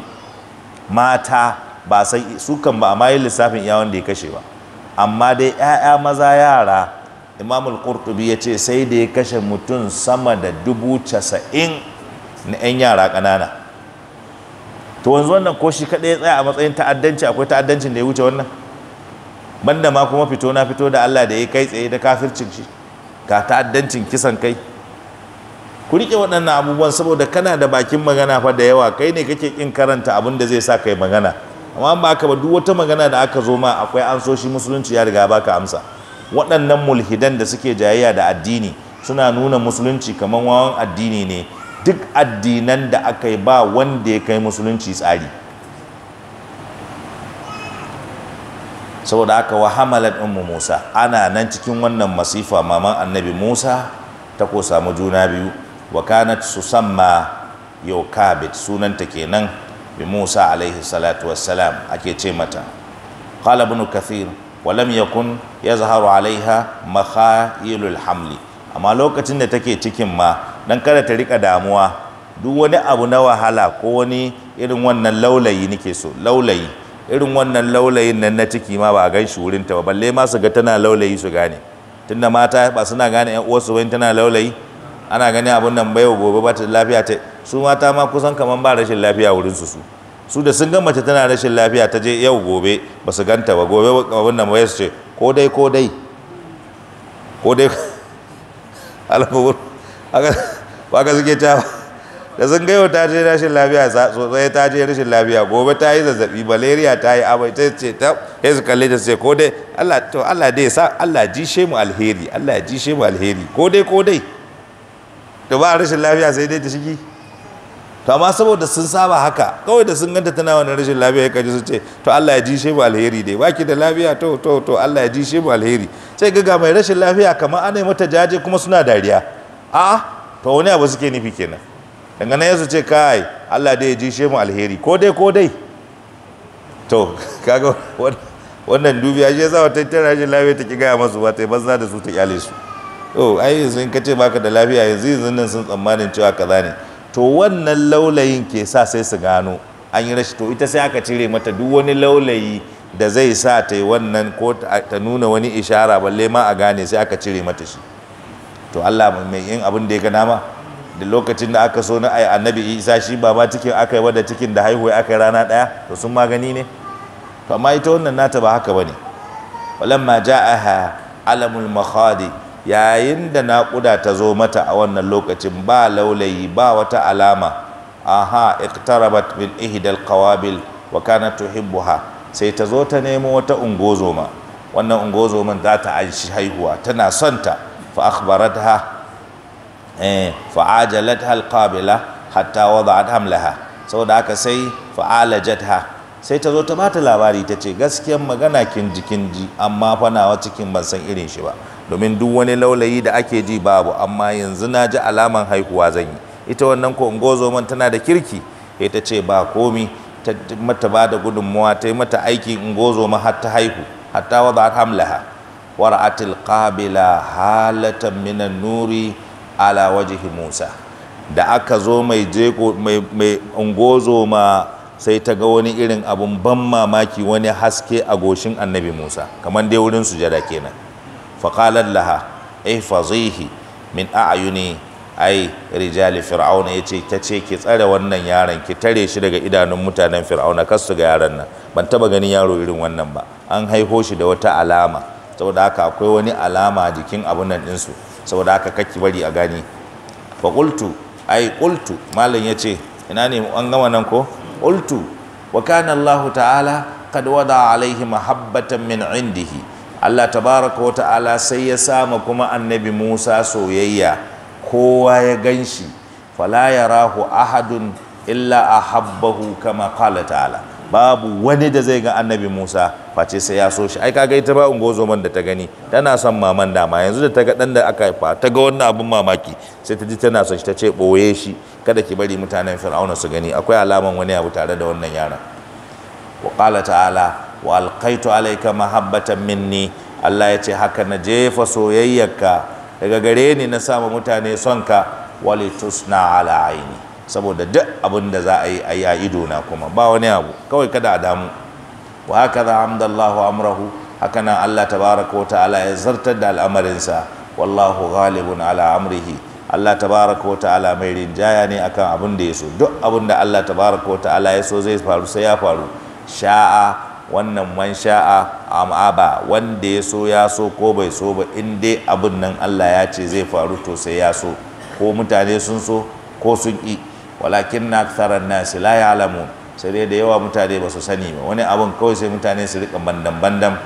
mata ba sai su kan ba amma yin lissafin iya wanda ya kashe ba amma dai ƴaƴa maza yara imam al qurtubi ya ce sai da ya kashe mutum sama da dubu casa'in na 'yan yara ƙanana to wanzu wannan ko shi kaɗai ya tsaya a matsayin ta'addanci akwai ta'addancin da ya wuce wannan banda ma kuma fito na fito da Allah da ya kai tsaye da kafircin shi ga ta'addancin kisan kai ku rike waɗannan abubuwan saboda kana da bakin magana fa da yawa kai ne kake kin karanta abin da zai sa kai magana amma ba ka ba duk wata magana da aka zo ma akwai an so shi musulunci ya riga baka amsa waɗannan mulhidan da suke jayayya da addini suna nuna musulunci kamar wawan addini ne duk addinan da aka yi ba wanda ya kai musulunci tsari saboda haka wa hamalat ummu Musa ana nan cikin wannan masifa maman annabi Musa ta ko samu juna biyu wa kanat susamma kabit sunanta kenan bi Musa alaihi salatu wassalam ake ce mata qala ibn kathir wa lam yakun yazharu alaiha makhailul hamli amma lokacin da take cikin ma dan kada ta rika damuwa duk wani abu na wahala ko wani irin wannan laulayi nake so laulayi irin wannan laulayin nan na ciki ma ba a gan shi wurin ta ba balle ma su ga tana laulayi su gane tunda mata ba suna gane yan uwarsu wani tana laulayi ana gani abun nan bai gobe ba ta lafiya ta su mata ma kusan kaman ba rashin lafiya wurin su su su da sun ga mace tana rashin lafiya ta je yau gobe ba su ganta ba gobe abun nan bai su ce ko dai ko dai ko dai alamu ba ka suke ta da sun gaiwa ta je rashin lafiya sosai ta je rashin lafiya gobe ta yi zazzabi malaria ta yi amai ta ce ta ya su kalle ta ce ko dai Allah to Allah dai sa Allah ji she mu alheri Allah ya ji she mu alheri ko dai ko dai to ba rashin lafiya sai dai ta shigi to amma saboda sun saba haka kawai da sun ganta tana wani rashin lafiya ya kaji su ce to Allah ya ji she mu alheri dai baki da lafiya to to to Allah ya ji she mu alheri sai ga mai rashin lafiya kamar anai mata jaje kuma suna dariya a'a to wani abu suke nufi kenan daga nan yasu ce kai Allah dai ya ji shemu mu alheri ko dai ko dai to kaga wannan dubiya shi yasa wata tana shi lafiya ta ki gaya masu ba ta yi banza da su ta kyale su to ai yanzu ka ce baka da lafiya yanzu yanzu nan sun tsammanin cewa kaza ne to wannan laulayin ke sa sai su gano an yi rashi to ita sai aka cire mata duk wani laulayi da zai sa ta yi wannan ko ta nuna wani ishara balle ma a gane sai aka cire mata shi to Allah mai yin abin da ya ga nama da lokacin da aka so na ai annabi isa shi ba ma cikin aka yi wadda cikin da haihuwa aka yi rana ɗaya to sun magani ne to amma ita wannan nata ba haka ba bane walamma ja'aha alamul makhadi yayin da naƙuda ta zo mata a wannan lokacin ba laulayi ba wata alama aha iqtarabat min ihdal qawabil wa kanat tuhibbuha sai ta zo ta nemo wata ungozoma wannan ungozoman za ta aishi haihuwa tana son ta fa akhbaratha eh fa'ajalat hal qabila hatta wada'at hamlaha saboda haka sai ha, sai ta zo ta bata labari ta ce gaskiyar magana kin ji kin ji amma fa nawa cikin ban san irin shi ba domin duk wani laulayi da ake ji babu amma yanzu na ji alaman haihuwa zan yi ita wannan ko man tana da kirki sai ta ce ba komi ta mata ba da gudunmuwa ta yi mata aiki ma har ta haihu hatta wada'at hamlaha wara'atil qabila halatan minan nuri ala wajihi musa da aka zo mai jeko mai ungozo ma sai ta ga wani irin abun ban mamaki wani haske a goshin annabi musa kamar dai wurin su sujada kenan qalat laha ihfazihi eh, min a'yuni ai rijali fir'auna yace ta ce ki tsare wannan yaron ki tare shi daga idanun mutanen fir'auna kar su ga yaron nan ban taba ganin yaro irin wannan ba an haiho shi da wata alama saboda haka akwai wani alama jikin abun nan ɗinsu saboda haka kake bari a gani fa qultu ai qultu malam yace ina ne an gama nan ko qultu wa kana Allah ta'ala kad wada alaihi mahabbatan min indihi Allah tabaraka wa ta'ala sai ya sama kuma annabi Musa soyayya kowa ya ganshi fala yarahu ahadun illa ahabbahu kama qala ta'ala babu wani da zai ga annabi Musa face sai ya so shi ai kaga ita ba man da ta gani tana son maman dama yanzu da ta ga dan da aka haifa ta ga wannan abun mamaki sai ta ji tana son shi ta ce boye shi kada ki bari mutanen fir'auna su gani akwai alaman wani abu tare da wannan yaran wa qala ta'ala wa alqaitu alayka mahabbatan minni Allah ya ce haka na jefa soyayyarka daga gare ni na sama mutane son ka walitusna ala aini saboda duk abin da za a yi a yi a na kuma ba wani abu kawai kada a damu wa haka za amdallahu amrahu haka nan Allah tabaraka wa ta'ala ya zartar da al'amarinsa wallahu ghalibun ala amrihi Allah tabaraka wa ta'ala mai rinjaya ne akan abin da ya so duk abin da Allah tabaraka wa ta'ala ya so zai faru sai ya faru sha'a wannan man sha'a am'aba wanda ya so ya so ko bai so ba in dai abin nan Allah ya ce zai faru to sai ya so ko mutane sun so ko sun ƙi walakin na tsaran nasi la ya'lamun sai dai da yawa mutane ba su sani ba wani abun kawai sai mutane su rika bandan bandan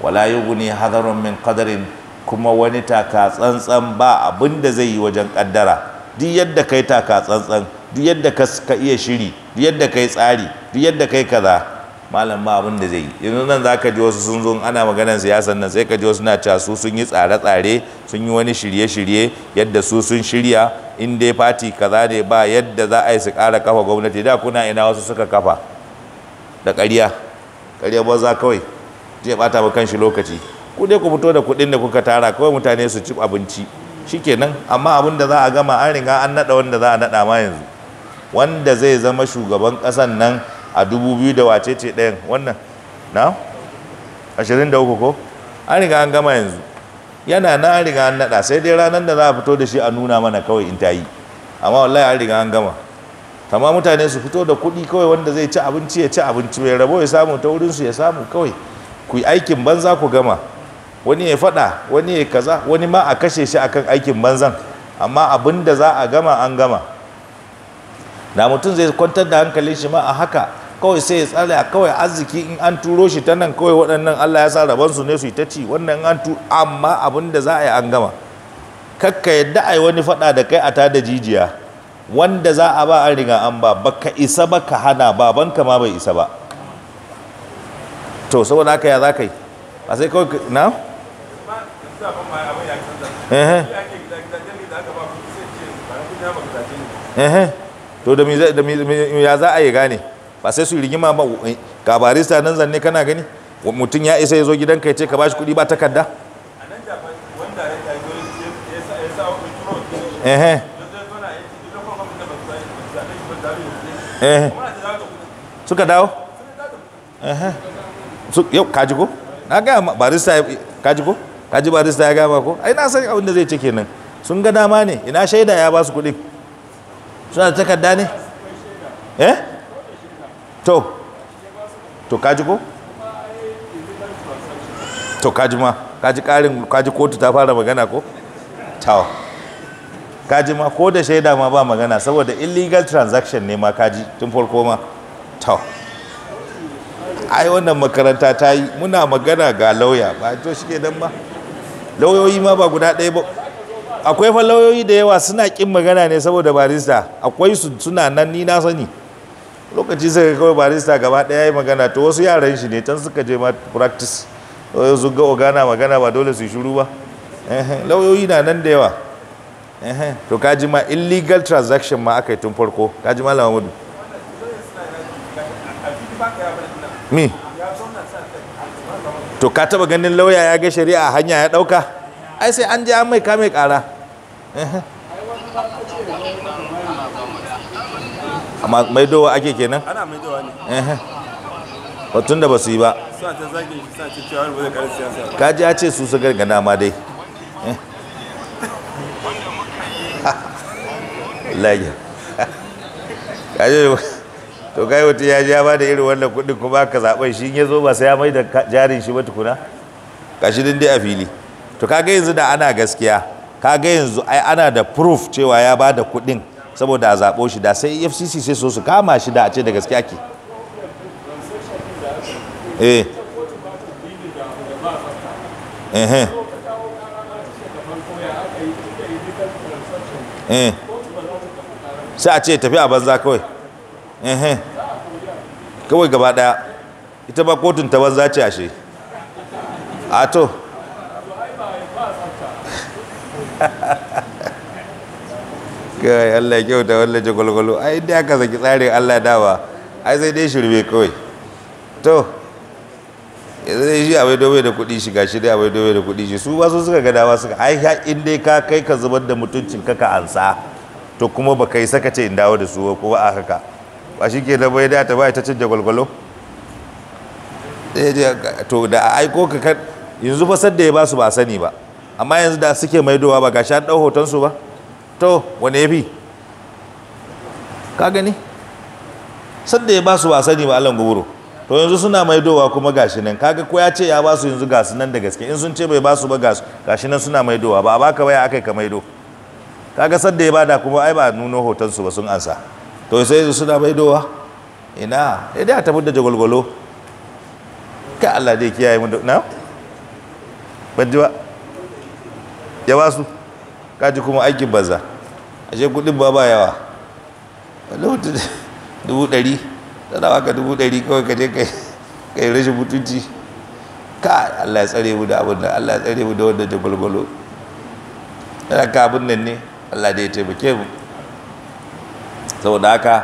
wala yughni hadarun min qadarin kuma wani taka tsantsan ba abin da zai yi wajen kaddara duk yadda kai taka tsantsan duk yadda ka iya shiri duk yadda kai tsari duk yadda kai kaza malam ba abin da zai yi yanzu nan za ka ji wasu sun zo ana maganar siyasar nan sai ka ji wasu na cewa su sun yi tsare-tsare sun yi wani shirye-shirye yadda su sun shirya in dai fati kaza ne ba yadda za a yi su kara kafa gwamnati da kuna ina wasu suka kafa da ƙarya ƙarya ba za kawai zai ɓata kan kanshi lokaci ku dai ku fito da kuɗin da kuka tara kawai mutane su ci abinci shikenan amma abin da za a gama an riga an naɗa wanda za a naɗa ma yanzu wanda zai zama shugaban ƙasan nan a dubu biyu da wacece ɗayan wannan na ashirin da uku ko an riga an gama yanzu yana na riga an naɗa sai dai ranar da za a fito da shi a nuna mana kawai in ta yi amma wallahi an riga an gama kama mutane su fito da kuɗi kawai wanda zai ci abinci ya ci abinci mai rabo ya samu ta wurin su ya samu kawai ku yi aikin banza ku gama wani ya faɗa wani ya kaza wani ma a kashe shi akan aikin banzan amma abin da za a gama an gama na mutum zai kwantar da hankalin shi ma a haka kawai sai ya a kawai arziki in an turo shi ta nan kawai waɗannan Allah ya sa rabansu ne su yi ta ci wannan an tu amma abin da za a yi an gama kakka yadda a yi wani faɗa da kai a ta da jijiya wanda za a ba an riga an ba baka isa ba ka hana ba banka ma bai isa ba to saboda haka ya za ka yi a sai kawai na? to da ya za a yi gane ba sai su rigima ba ga barista nan zanne kana gani mutum ya isa ya zo gidanka ya ce ka bashi kuɗi ba takarda suka dawo yau kaji ko na ga barista kaji ko kaji barista ya gama ko ai na san abin da zai ce kenan sun ga dama ne ina shaida ya ba su kuɗin suna takarda ne eh to to kaji ko to kaji ma kaji karin kaji kotu ta fara magana ko tawa kaji ma ko da shaida ma ba magana saboda illegal transaction ne ma kaji tun farko ma tawa ai wannan makaranta ta yi muna magana ga lauya ba to shi dan ba lauyoyi ma ba guda ɗaya ba akwai fa lauyoyi da yawa suna ƙin magana ne saboda barista akwai su suna nan ni na sani lokaci sai kawai barista gaba daya yi magana to wasu yaran shi ne can suka je ma practice yau sun ga ogana magana ba dole su shiru ba lauyoyi na nan da yawa to kaji ma illegal transaction ma aka yi tun farko kaji ma mudu mi to ka taba ganin lauya ya ga shari'a hanya ya ɗauka ai sai an ji an mai kame ƙara amma maidowa ake kenan ana maidowa ne eh batun da ba su yi ba su ta zage shi sa ta cewa ba zai kare siyasa ba kaji a ce su su gargana ma dai eh. lagi ka ji to kai wata ya ji ya ba da irin wannan kuɗin kuma ka zaɓen shi ya zo ba sai ya mai da jarin shi ba tukuna kashi din dai a fili to kaga yanzu da ana gaskiya kaga yanzu ai ana da proof cewa ya ba da kuɗin saboda a zaɓo shi da sai fcc sai so su kama shi da a ce da gaske ake eh eh sai a ce tafi a banza kawai eh kawai gaba daya ita ba kotun ta banza ce ashe a to kai Allah ya kyauta wallace gwalgwalo ai da aka zaki tsarin Allah dawa ai sai dai shirme kawai to yanzu zai shi abai dobe da kuɗi shi gashi dai abai dobe da kuɗi shi su ba su suka ga dawa suka ai in dai ka kai ka zubar da mutuncin ka ka ansa to kuma ba kai saka ce in dawo da su ko ba haka ba shi ke da bai da ta bai ta canja gwalgwalo eh, to da aiko ka yanzu ba sadda ya ba su ba sani ba amma yanzu da suke maidowa ba gashi an dau hoton su ba to wane ya fi ka gani sadda ya ba su wasa ne ba alan guburu to yanzu suna maidowa kuma gashi nan kaga ko ya ce ya ba su yanzu gasu nan da gaske in sun ce bai ba su ba gasu gashi nan suna maidowa ba a baka baya akai ka maido kaga sadda ya bada kuma ai ba nuno hoton su ba sun ansa to sai yanzu suna maidowa ina eh da ta da jagwalgwalo ka Allah dai kiyaye mu na ban ji ya ba su kaji kuma aikin banza ashe kudin ba ba yawa lokacin dubu dari tana waka dubu dari kawai ka je kai rashin mutunci ka Allah ya tsare mu da abin da Allah ya tsare mu da wanda jagwalgwalo yana ka abin nan ne Allah da ya taimake mu da haka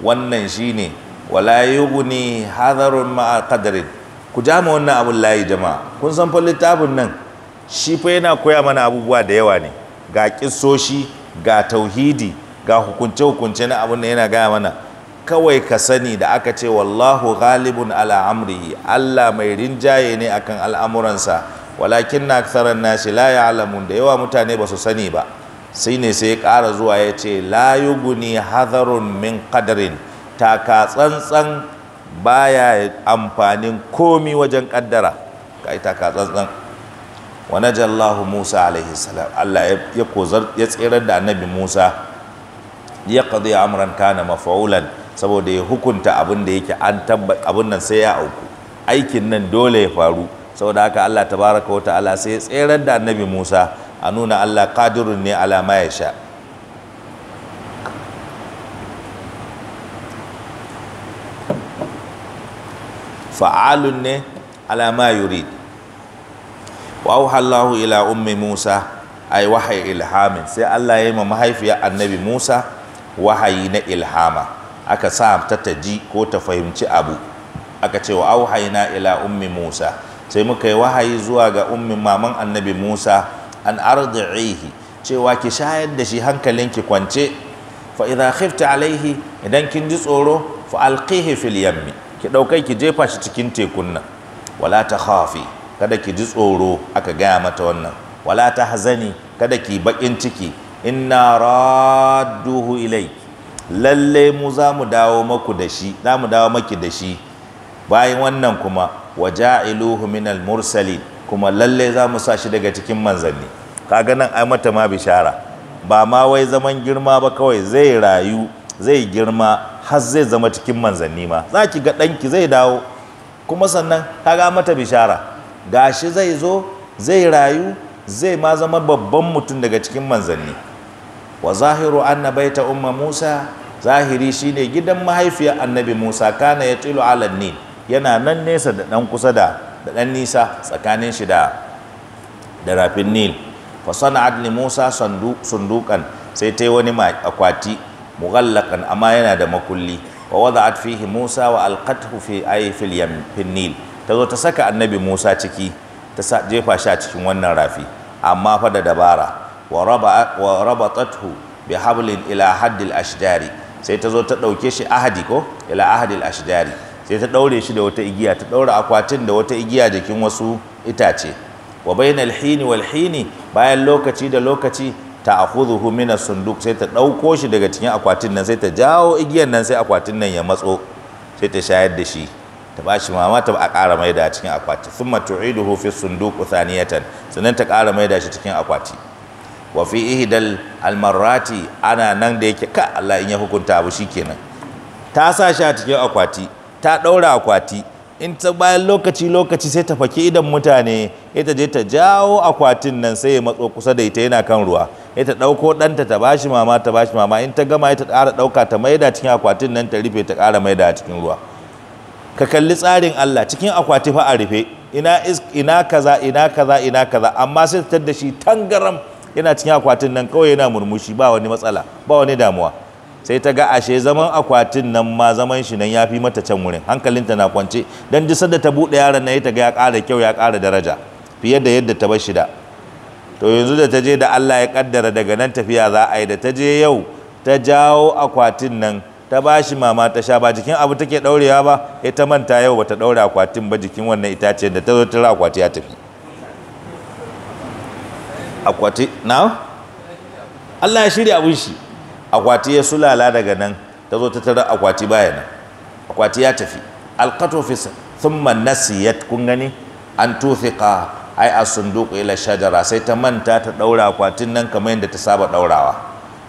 wannan shine wala yughni hadarun ma'a qadarin ku ja ma wannan abun layi jama'a kun san fa littafin nan shi fa yana koya mana abubuwa da yawa ne ga ƙisoshi ga tauhidi ga hukunce-hukunce na abin da yana gaya mana kawai ka sani da aka ce wallahu ghalibun ala amrihi Allah mai rinjaye ne akan al'amuransa walakin na aksarar nashi la ya'lamun da yawa mutane ba su sani ba sai ne sai ƙara zuwa ya ce la yuguni hadarun min qadarin taka tsantsan baya amfanin komi wajen kaddara ka yi taka tsantsan wa najallahu Musa alaihi salam Allah ya kozar ya tsirar da annabi Musa ya qadi amran kana mafaulan saboda ya hukunta abin da yake an tabbata abin nan sai ya auku aikin nan dole ya faru saboda haka Allah tabaraka wa ta'ala sai ya tsirar da annabi Musa a nuna Allah qadirun ne ala ma yasha fa'alun ne alama yurid wa auhallahu ila ummi musa ay wahayi ilhamin sai Allah ya yi ma mahaifiyar annabi musa wahayi na ilhama aka sa ta taji ko ta fahimci abu aka ce wa na ila ummi musa sai muka yi wahayi zuwa ga Ummi maman annabi musa an ardi'ihi cewa ki shayar da shi hankalin ki kwance fa idza khifta alaihi idan kin ji tsoro fa alqihi fil yammi ki daukai ki jefa shi cikin tekun nan wala ta khafi kada ki ji tsoro aka gaya mata wannan wala ta hazani kada ki bakin ciki inna radduhu ilai lalle mu za mu dawo maku da shi za mu dawo maki da shi bayan wannan kuma wa ja'iluhu minal mursalin kuma lalle za mu sa shi daga cikin manzanni kaga nan ai mata ma bishara ba ma wai zaman girma ba kawai zai rayu zai girma har zai zama cikin manzanni ma za ki ga ɗanki zai dawo kuma sannan kaga mata bishara gashi zai zo zai rayu zai ma zama babban mutum daga cikin manzanni wa zahiru annabaita umma musa zahiri shine gidan mahaifiyar annabi musa kana ya tilo alanni yana nan nesa da dan kusa da da dan nisa tsakanin shi da da rafin nil fa sana'at li musa sundukan sai ta yi wani akwati mughallaqan amma yana da makulli wa wada'at fihi musa wa alqathu fi ayfil yam nil ta zo ta saka annabi musa ciki ta jefa shi cikin wannan rafi amma fa da dabara wa rabatathu bi hablin ila haddil ashjari sai ta zo ta ɗauke shi ahadi ko ila ahadil ashjari sai ta ɗaure shi da wata igiya ta ɗaure akwatin da wata igiya jikin wasu itace wa bainal hini wal hini bayan lokaci da lokaci ta akhudhuhu min sunduk sai ta ɗauko shi daga cikin akwatin nan sai ta jawo igiyan nan sai akwatin nan ya matso sai ta shayar da shi ta ba shi mama ta a ƙara maida cikin akwati sun idu hufi sun duku saniyatan sannan ta ƙara maida shi cikin akwati wa fi dal almarati ana nan da yake ka Allah in ya hukunta abu shi kenan ta sa shi a cikin akwati ta ɗaura akwati in ta bayan lokaci lokaci sai ta faki idan mutane ya ta je ta jawo akwatin nan sai ya matso kusa da ita yana kan ruwa ya ta ɗauko ɗanta ta bashi mama ta bashi mama in ta gama ya ta ƙara ɗauka ta maida cikin akwatin nan ta rufe ta ƙara maida a cikin ruwa ka kalli tsarin Allah cikin akwati fa a rufe ina ina kaza ina kaza ina kaza amma sai ta da shi tangaram yana cikin akwatin nan kawai yana murmushi ba wani matsala ba wani damuwa sai ta ga ashe zaman akwatin nan ma zaman shi nan ya fi mata can wurin hankalinta na kwance dan ji sanda ta buɗe yaron nan ta ga ya ƙara kyau ya ƙara daraja fiye da yadda ta bar shi da to yanzu da ta je da Allah ya kaddara daga nan tafiya za a yi da ta je yau ta jawo akwatin nan ta ba shi mama ta sha ba jikin abu take daurewa ba sai ta manta yau bata daura akwatin ba jikin wannan itace da ta zo ta akwati ya tafi akwati na Allah ya shirya abun shi akwati ya sulala daga nan ta zo ta tara akwati baya nan akwati ya tafi alqatu fi thumma nasiyat kun gani an tuthiqa ai asunduqu ila shajara sai ta manta ta daura akwatin nan kamar yadda ta saba daurawa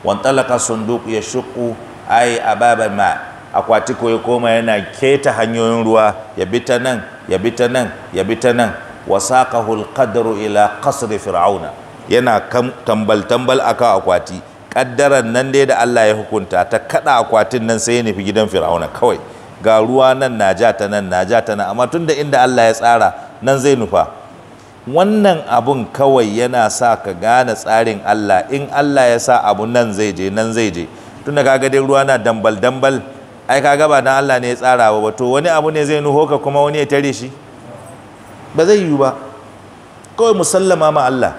wantalaka ya yashuqu ai ababan ma akwati ko ya koma yana keta hanyoyin ruwa ya bi ta nan ya bi ta nan ya bi ta nan wa alqadru ila qasri fir'auna yana tambal tambal aka akwati kaddaran nan dai da Allah ya hukunta ta kada akwatin nan sai ya nufi gidan fir'auna kawai ga ruwa nan na ja ta nan na ja ta nan amma tunda inda Allah ya tsara nan zai nufa wannan abun kawai yana sa ka gane tsarin Allah in Allah ya sa abu nan zai je nan zai je tun da kaga dai ruwa na dambal dambal ai kaga ba dan Allah ne ya tsara wa to wani abu ne zai nuho ka kuma wani ya tare shi ba zai yiwu ba kawai musallama ma Allah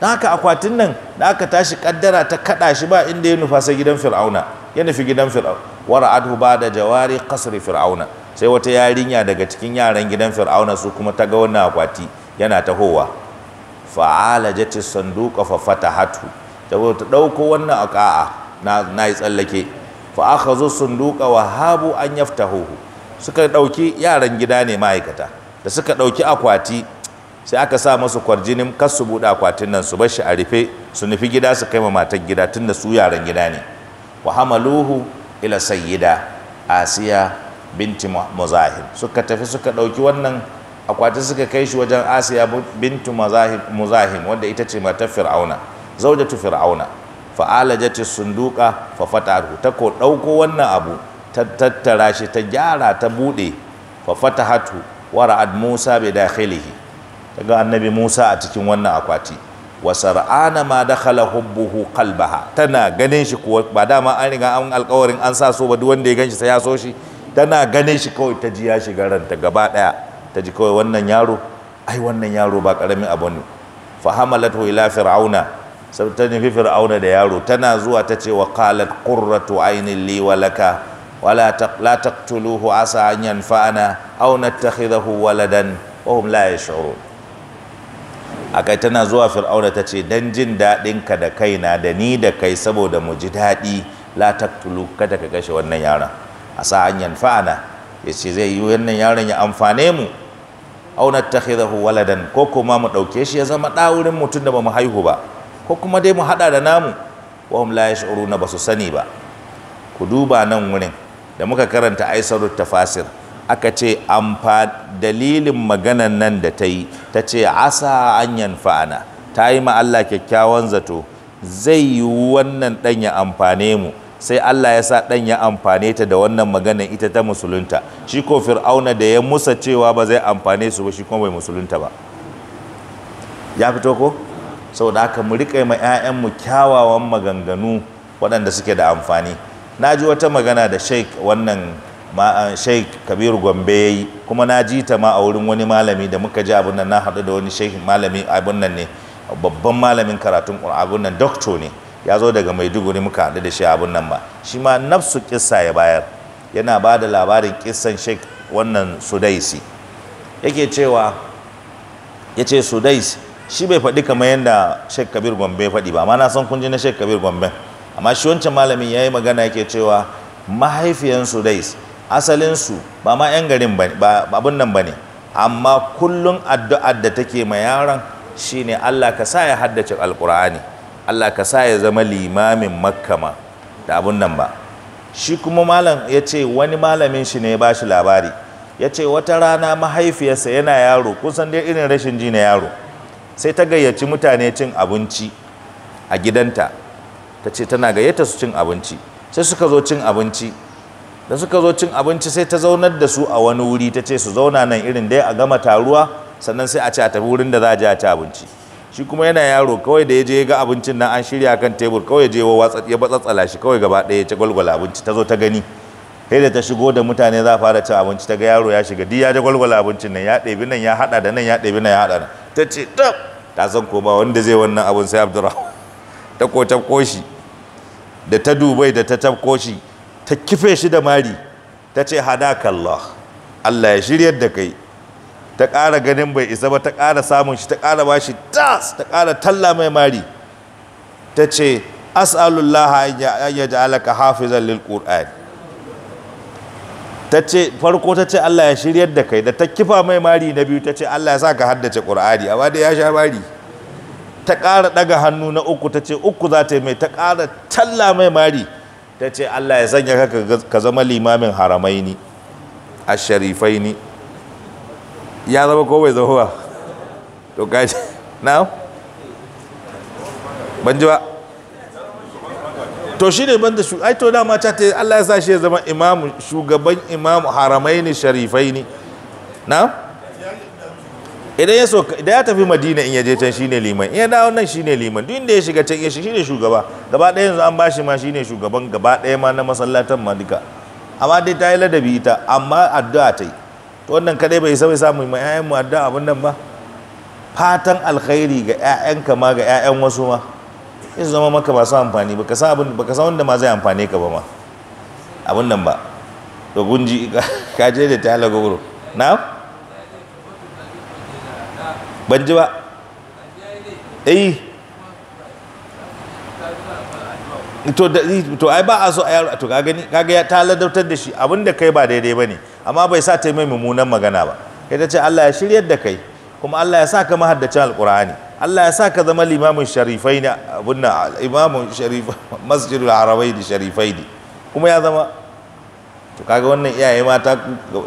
dan haka akwatin nan da aka tashi kaddara ta kada shi ba inda ya nufa sai gidan fir'auna ya nufi gidan fir'auna wara'adhu bada jawari qasri fir'auna sai wata yarinya daga cikin yaran gidan fir'auna su kuma ta ga wannan akwati yana tahowa fa'ala jati sanduqa fa fatahatu ta dauko wannan aka'a na yi tsallake fa aka zo sunduka wa habu an huhu suka ɗauki yaran gida ne ma'aikata da suka ɗauki akwati sai aka sa masu kwarjinin kar su buɗe akwatin nan su bashi a rufe su nufi gida su kai ma matar gida tun da su yaran gida ne wa hamaluhu ila sayyida asiya binti muzahim suka tafi suka ɗauki wannan akwati suka kai shi wajen asiya binti muzahim wanda ita ce matar fir'auna zaujatu fir'auna fa'ala fa'alajati sunduka fa fatahu ta ko dauko wannan abu ta tattara shi ta gyara ta bude fa fatahatu wara'ad Musa bi dakhilihi ga annabi Musa a cikin wannan akwati wa sar'ana ma dakhala hubbuhu qalbaha tana ganin shi kuwa ba dama an riga an alƙawarin an sa so ba duk wanda ya ganshi sai ya so shi tana ganin shi kawai ta ji ya shiga ranta gaba daya ta ji kawai wannan yaro ai wannan yaro ba karamin abu ne fa hamalatu ila fir'auna sau nufi fir'auna da yaro tana zuwa ta ce wa qalat qurratu ainin li wa laka wala la taqtuluhu asa an yanfa'ana aw nattakhidahu waladan wa hum la yash'urun akai tana zuwa fir'auna ta ce dan jin daɗin ka da kai na da ni da kai saboda mu ji daɗi la taqtulu kada ka kashe wannan yaron asa an yanfa'ana yace zai yi wannan yaron ya amfane mu aw waladan ko kuma mu ɗauke shi ya zama ɗawurin mutum da ba mu haihu ba ko kuma dai mu haɗa da namu hum la yash'uruna ba sani ba ku duba nan wurin da muka karanta aisarut tafasir aka ce amfa dalilin maganan nan da ta yi ta ce asa an yanfa'ana ta yi ma Allah kyakkyawan zato zai yi wannan dan ya amfane mu sai Allah ya sa dan ya amfane ta da wannan maganan ita ta musulunta shi ko fir'auna da ya musa cewa ba zai amfane su ba shi kuma bai musulunta ba ya fito ko saboda haka mu kai ma 'ya'yanmu kyawawan maganganu waɗanda suke da amfani na ji wata magana da sheik wannan eh, sheik kabiru gombe ya yi kuma na ji ta ma a wurin wani malami da muka ji abin nan na haɗu da wani sheik malami abin nan ne babban malamin karatun abin nan dokto ne ya zo daga maiduguri muka haɗu da shi abin nan ba shi ma nafsu kissa ya bayar yana ba da labarin kissan sheik wannan sudaisi yake cewa ya ce sudaisi shi bai faɗi kamar yadda Sheikh Kabir Gombe faɗi ba amma na san kun ji na Sheikh Kabir Gombe amma shi wancan malamin ya yi magana yake cewa mahaifiyansu dai asalinsu ba ma 'yan garin ba abin nan ba ne amma kullum addu'ar da take ma yaron shine Allah ka sa ya haddace alkur'ani Allah ka sa ya zama limamin makama ma da abun nan ba shi kuma malam ya ce wani malamin shi ne ya bashi labari ya ce wata rana mahaifiyarsa yana yaro kusan dai irin rashin ji na yaro sai ta gayyaci mutane cin abinci a gidanta ta ce tana gayyata su cin abinci sai suka zo cin abinci da suka zo cin abinci sai ta zaunar da su a wani wuri ta ce su zauna nan irin dai a gama taruwa sannan sai a ci a tafi wurin da za a je a ci abinci shi kuma yana yaro kawai da ya je ga abincin nan an shirya kan tebur kawai je ya batsatsala shi kawai gaba ɗaya ya ci gwalgwala abinci ta zo ta gani sai da ta shigo da mutane za a fara cin abinci ta ga yaro ya shiga duk ya ji gwalgwala abincin nan ya ɗebi nan ya haɗa da nan ya ɗebi nan ya haɗa nan ta ce tab ta san ko ba wanda zai wannan abun sai abdurrahman ta ko tafko shi da ta dubai da ta tafko shi ta kife shi da mari ta ce hadakallah Allah ya shiryar da kai ta ƙara ganin bai isa ba ta ƙara samun shi ta ƙara ba shi tas ta ƙara talla mai mari ta ce as'alullah an ya ja'alaka hafizan lil qur'ani ta ce farko ta ce Allah ya shiryar da kai da ta kifa mai mari na biyu ta ce Allah ya sa ka haddace Qur'ani amma da ya sha mari ta ƙara ɗaga hannu na uku ta ce uku za ta yi mai ta ƙara talla mai mari ta ce Allah ya sanya ka ka zama limamin haramaini asharifaini ya zama ko bai zama ba to kaji na ban ji ba to shi ne banda shu ai to dama ta ta Allah ya sa shi ya zama imamu shugaban imamu haramai ne sharifai ne na idan ya so idan ya tafi madina in ya je can shine liman in ya dawo nan shine liman duk inda ya shiga can ya shi shine shugaba gaba ɗaya yanzu an bashi ma shine shugaban gaba ɗaya ma na masallatan ma duka amma dai ta yi ladabi ita amma addu'a ta yi to wannan kadai bai sa sai samu mai ƴaƴan mu addu'a abin nan ba fatan alkhairi ga ƴaƴanka ma ga ƴaƴan wasu ma in zama maka ba su amfani ba ka sa abin ba ka wanda ma zai amfane ka ba ma abin nan ba da gunji ka je da tala gogoro na ban ji ba eh to da to ai ba a so a yaro to ka gani ga ya ta ladautar da shi abin da kai ba daidai bane amma bai sa ta mai mummunan magana ba kai ta ce Allah ya shiryar da kai kuma Allah ya sa ka mahaddacin alqur'ani Allah ya sa ka zama limamin sharifai ne abun nan imamun masjidul arabai da sharifai ne kuma ya zama to kaga wannan iyaye mata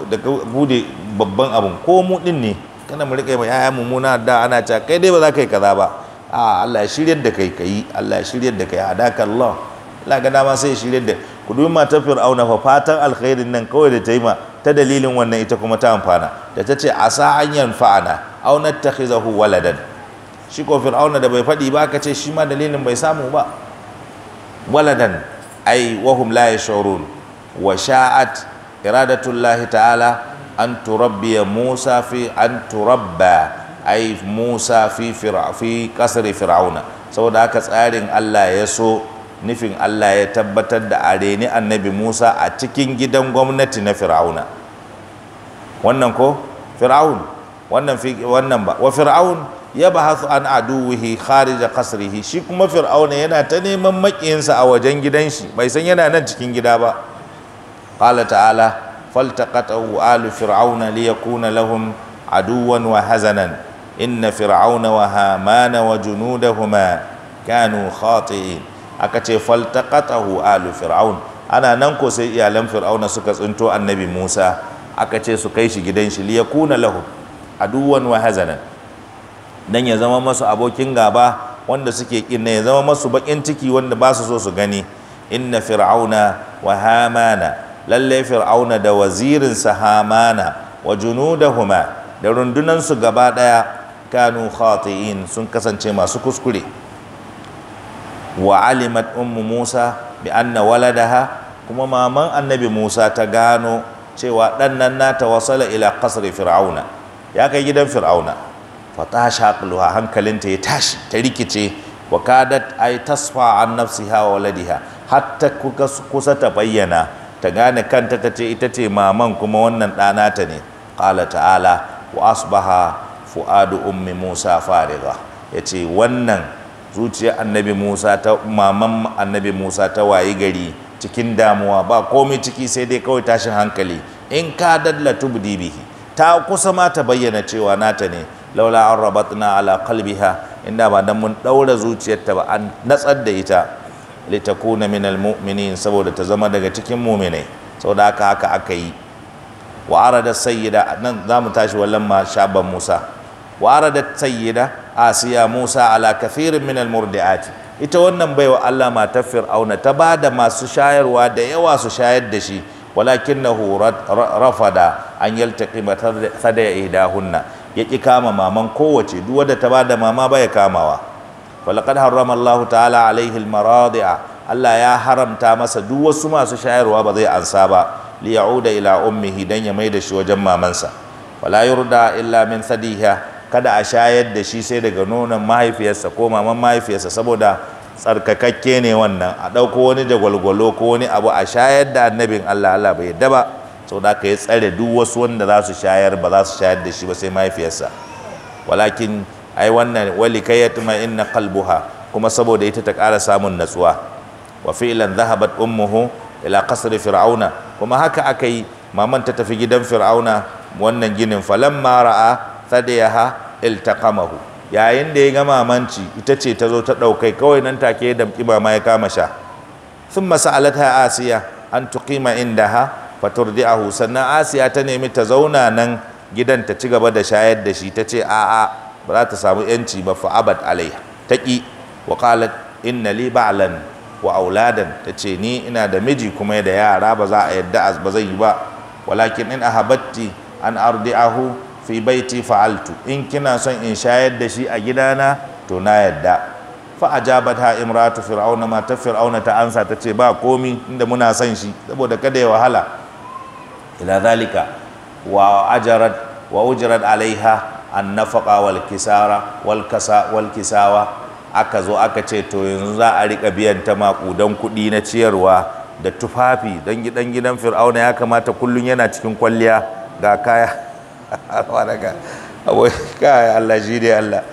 da bude babban abin ko mu din ne kana mu rika mai yaya mummuna da ana ta kai dai ba za ka yi kaza ba a Allah ya shiryar da kai kai Allah ya shiryar da kai hadaka Allah Allah ga dama sai ya shiryar da ku dubi matar Fir'auna fa fatan alkhairin nan kawai da ta yi ma ta dalilin wannan ita kuma ta amfana da ta ce a sa an fa'ana aw nattakhizahu waladan shi ko fir'auna da bai faɗi ba ka ce shi ma dalilin bai samu ba waladan ai wahum la yashurun wa sha'at iradatullahi ta'ala an turabbiya Musa fi an turabba ai Musa fi fi kasri fir'auna saboda haka tsarin Allah ya so nufin Allah ya tabbatar da areni annabi Musa a cikin gidan gwamnati na fir'auna wannan ko fir'aun wannan ba wa fir'aun ya bahasu an aduwihi kharija kasrihi shi kuma fir'auna yana ta neman makiyinsa a wajen gidan shi bai san yana nan cikin gida ba qala ta'ala faltaqatahu alu fir'auna liyakuna lahum aduwan wa hazanan inna fir'auna wa hamana wa junudahuma kanu khati'in aka ce faltaqatahu alu fir'aun ana nan ko sai iyalan fir'auna suka tsinto annabi Musa aka ce su kai shi gidan shi liyakuna lahum aduwan wa hazanan dan ya zama masu abokin gaba wanda suke kinna ya zama masu bakin ciki wanda ba su so su gani inna fir'auna wa hamana lalle fir'auna da wazirin sa hamana wa junudahuma da rundunan su gaba daya kanu khati'in sun kasance masu kuskure wa alimat ummu musa bi anna waladaha kuma maman annabi musa ta gano cewa dan nan nata wasala ila qasri fir'auna ya kai gidan fir'auna fatasha aqluha hankalinta ya tashi ta rikice wa kadat tasfa an nafsiha wa waladiha hatta kusa ta bayyana ta gane kanta ta ce ita ce maman kuma wannan ɗana ta ne qala ta'ala wa asbaha fu'adu ummi musa fariga yace wannan zuciyar annabi musa ta maman annabi musa ta wayi gari cikin damuwa ba komai ciki sai dai kawai tashin hankali in ka dalla tubdi bihi ta kusa ma ta bayyana cewa nata ne laula an rabatna ala qalbiha inda ba dan mun daura zuciyarta ba an natsar da ita litakuna min almu'minin saboda ta zama daga cikin mu'minai saboda haka haka aka yi wa arada sayyida nan zamu tashi wallan ma shaban Musa wa arada sayyida Asiya Musa ala kathirin min almurdiati ita wannan baiwa Allah matar Fir'auna ta ba da masu shayarwa da yawa su shayar da shi walakin na rafada an yaltaqi matar sadaya ihdahunna ya ƙi kama maman kowace duk wanda ta ba da mama ba ya kamawa falaqad harrama Allahu ta'ala alaihi al-maradi'a Allah ya haramta masa duk wasu masu shayarwa ba zai ansa ba li ya'uda ila ummihi dan ya maida shi wajen mamansa wala yurda illa min sadiha kada a shayar da shi sai daga nonon mahaifiyarsa ko maman mahaifiyarsa saboda tsarkakakke ne wannan a ɗauko wani jagwalgwalo ko wani abu a shayar da annabin Allah Allah bai yadda ba sau da ka yi tsare duk wasu wanda za su shayar ba za su shayar da shi ba sai mahaifiyarsa walakin ai wannan wali kai ya tuma inna kalbuha kuma saboda ita ta ƙara samun natsuwa wa fi'lan zahabat ummuhu ila qasr fir'auna kuma haka aka yi maman ta tafi gidan fir'auna wannan ginin falamma ra'a thadiyaha iltaqamahu yayin da ya ga mamanci ita ce ta zo ta ɗaukai kawai nan take da ma ya kama sha Sun alata sa'alatha asiya an tuqima indaha faturdi'ahu sannan asiya ta nemi ta zauna nan gidan ta ci gaba da shayar da shi ta ce a'a ba za ta samu yanci ba fa abad Ta ƙi, wa qalat inna li ba'lan wa auladan ta ce ni ina da miji kuma da yara ba za a yadda ba zai yi ba walakin in ahabatti an ardi'ahu fi baiti fa'altu in kina son in shayar da shi a gidana to na yadda fa'ajabatha imratu fir'auna ta fir'auna ta ansa ta ce ba komi inda muna son shi saboda kada ya wahala ila zalika wa ajarat wa ujrat alaiha annafaqa wal kisara wal kasa wal kisawa aka zo aka ce to yanzu za a rika biyan ta makudan kudi na ciyarwa da tufafi dan gidan gidan fir'auna ya kamata kullun yana cikin kwalliya ga kaya kaya Allah shi ne Allah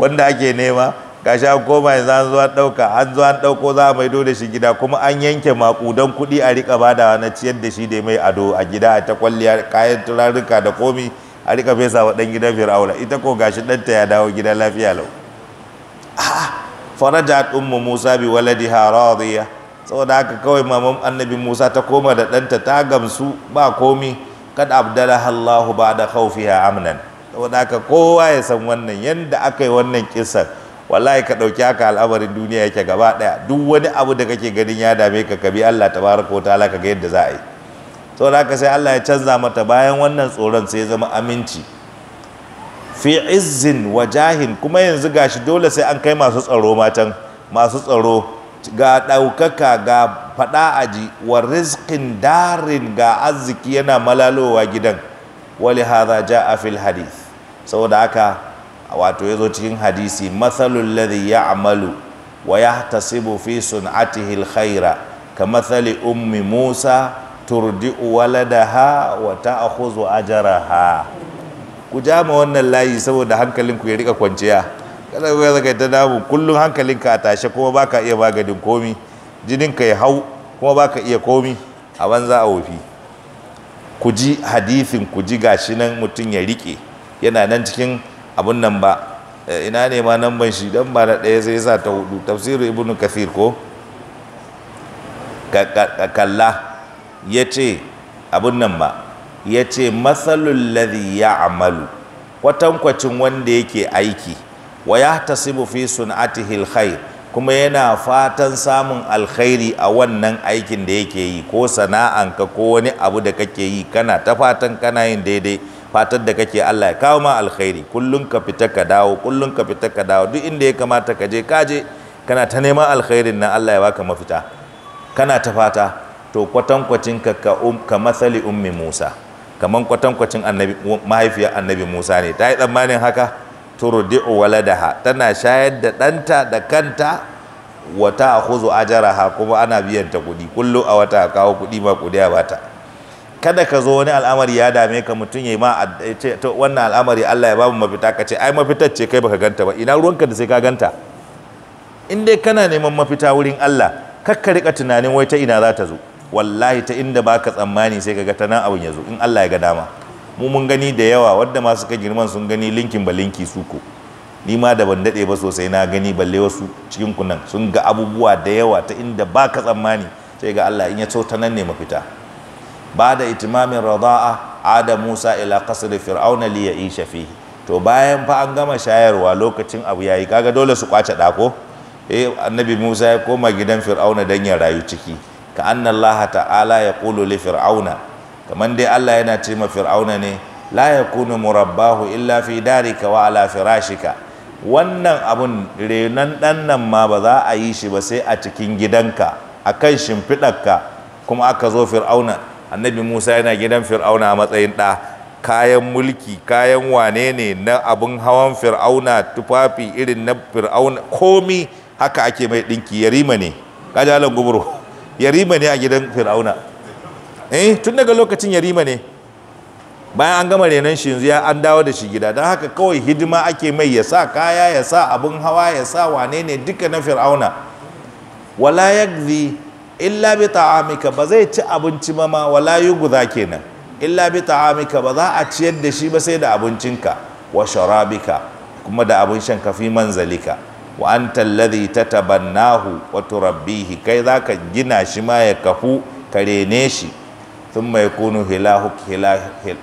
wanda ake nema gashi an koma yanzu an zuwa ɗauka an zuwa ɗauko za a maido da shi gida kuma an yanke makudan kuɗi a rika badawa na ciyar da shi da mai ado a gida a ta kwalliya kayan turaruka da komi a rika fesa wa ɗan gidan fir'auna ita ko gashi ɗanta ya dawo gida lafiya lau farajat ummu musa bi waladiha radiya saboda haka kawai maman annabi musa ta koma da ɗanta ta gamsu ba komi kad abdalaha allahu ba'da khawfiha amnan saboda haka kowa ya san wannan yadda aka yi wannan kisan wallahi ka ɗauki haka al'amarin duniya yake gaba ɗaya duk wani abu da kake ganin ya dame ka kabi Allah ta ko ta ka ga yadda za a yi to da ka sai Allah ya canza mata bayan wannan tsoron sai ya zama aminci fi izzin wa jahin kuma yanzu gashi dole sai an kai masu tsaro matan masu tsaro ga ɗaukaka ga faɗa aji wa rizqin darin ga arziki yana malalowa gidan wali hadha ja'a fil hadith saboda haka wato ya zo cikin hadisi mathalul ladhi amalu wa yahtasibu fi sun'atihi alkhaira matsali, ummi Musa turdi'u waladaha wa ta'khudhu ajraha ku ja ma wannan layi saboda hankalinku ya rika kwanciya kada ku zaka ta damu kullum hankalinka a tashe kuma baka iya maganin komi jininka ya hau kuma baka iya komi a banza a wofi ku ji hadifin ku ji gashi nan mutum ya rike yana nan cikin abun nan ba eh, ina ne ma nan ban shi dan ba na ɗaya zai sa ta hudu tafsirin ibnu kathir ko kalla ya ce abun nan ba ya ce matsalul ladhi ya amalu kwatankwacin wanda yake aiki wa ya tasibu fi sun'atihi alkhair kuma yana fatan samun alkhairi a wannan aikin da yake yi ko sana'anka ko wani abu da kake yi kana ta fatan kana yin daidai fatar da kake Allah ya kawo ma alkhairi kullun ka fita ka dawo kullun ka fita ka dawo duk inda ya kamata ka je ka je kana ta neman alkhairin nan Allah ya baka mafita kana ta fata to kwatankwacin ka ka um ka masali ummi Musa kaman kwatankwacin annabi mahaifiyar annabi Musa ne ta yi tsammanin haka turdi'u waladaha tana shayar da danta da kanta wata a huzu ha kuma ana biyan ta kuɗi kullum a wata kawo kuɗi ba kuɗi a bata kada ka zo wani al'amari ya dame ka mutum ya ma ce to wannan al'amari Allah ya babu mafita ka ce ai mafitar ce kai baka ganta ba ina ruwanka da sai ka ganta in dai kana neman mafita wurin Allah kakka rika tunanin wai ta ina za ta zo wallahi ta inda baka tsammani sai ka ga ta nan abun ya zo in Allah ya ga dama mu mun gani da yawa wadda ma suka girman sun gani linkin ba linki ko ni ma da ban dade ba sosai na gani balle wasu cikin kunan sun ga abubuwa da yawa ta inda baka tsammani sai ga Allah in ya so ta nan ne mafita da itimamin rada'a ada Musa ila qasr fir'auna li ya'isha fihi to bayan fa an gama shayarwa lokacin abu yayi kaga dole su kwace dako eh annabi Musa ya koma gidan fir'auna dan ya rayu ciki ka anna Allah ta'ala yaqulu li fir'auna kaman dai Allah yana ce ma fir'auna ne la yakunu murabbahu illa fi darika wa ala firashika wannan abun renan dan nan ma ba za a yi shi ba sai a cikin gidanka akan shimfiɗarka kuma aka zo fir'auna annabi musa yana gidan fir'auna a matsayin ɗa kayan mulki kayan wane ne na abin hawan fir'auna tufafi irin na fir'auna komi haka ake mai ɗinki yarima ne kajalan guburu yarima ne a gidan fir'auna eh tun daga lokacin yarima ne bayan an gama renon shi yanzu ya an dawo da shi gida don haka kawai hidima ake mai ya sa kaya ya sa abin hawa ya sa wane ne duka na fir'auna wala yagzi illa bi ta'amika ba zai ci abinci ba ma wala guza kenan illa bi ta'amika ba za a ciyar da shi ba sai da abincinka wa sharabika kuma da abin shan kafi manzalika wa anta alladhi tatabannahu wa turabbihi kai zaka gina shi ma ya kafu ka rene shi thumma yakunu hilahu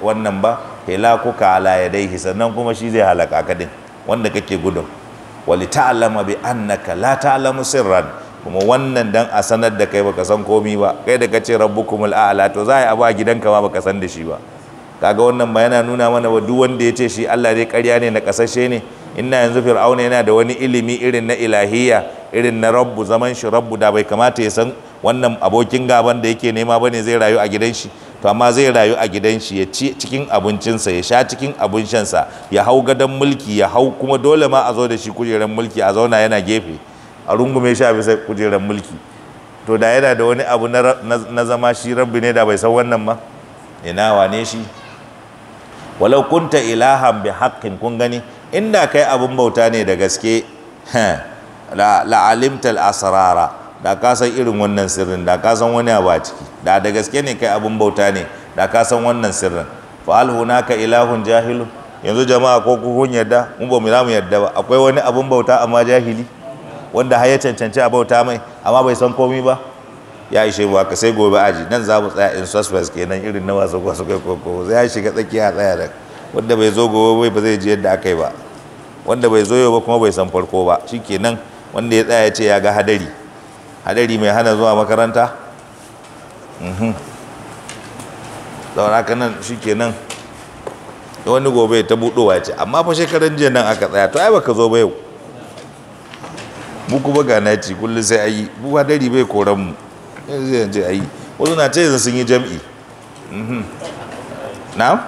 wannan ba Hilaku ka ala yadayhi sannan kuma shi zai halaka ka din wanda kake gudun wali ta'lama bi annaka la ta'lamu sirran kuma wannan dan a sanar da kai baka san komi ba kai da kace rabbukumul a'la to za a yi abu a gidanka ma baka san da shi ba kaga wannan ba yana nuna mana wa duk wanda ya ce shi Allah dai ƙarya ne na kasashe ne inna yanzu fir'auna yana da wani ilimi irin na ilahiyya irin na rabbu zaman shi rabbu da bai kamata ya san wannan abokin gaban da yake nema bane zai rayu a gidan shi to amma zai rayu a gidan shi ya ci cikin abincinsa ya sha cikin abin shansa ya hau gadon mulki ya hau kuma dole ma a zo da shi kujeran mulki a zauna yana gefe a rungume shi a bisa kujerar mulki to da yana da wani abu na zama shi rabbi ne da bai san wannan ma ina wane shi walau kunta ilahan bi haƙƙin kun gani inda kai abun bauta ne da gaske la'alimtal asrara da ka san irin wannan sirrin da ka san wani abu a ciki da da gaske ne kai abun bauta ne da ka san wannan sirrin fa hal hunaka ilahun jahilu yanzu jama'a ko kun yarda mu ba mu yarda ba akwai wani abun bauta amma jahili wanda har ya cancanci a bauta mai amma bai san komi ba ya ishe ba ka sai gobe aji nan za mu tsaya in suspense kenan irin na wasu wasu kai koko zai ya shiga tsakiya tsaya da wanda bai zo gobe ba zai ji yadda aka yi ba wanda bai zo yau ba kuma bai san farko ba shi kenan wanda ya tsaya ya ce ya ga hadari hadari mai hana zuwa makaranta zaune mhm. ka nan shikenan wani gobe ta buɗowa ce amma fa shekaran jiya nan aka tsaya to ai baka zo ba yau mu kuma ga nati kullum sai ayi mu ba dari bai koran mu yanzu yanzu ayi wasu na ce yanzu sun yi jam'i mhm. na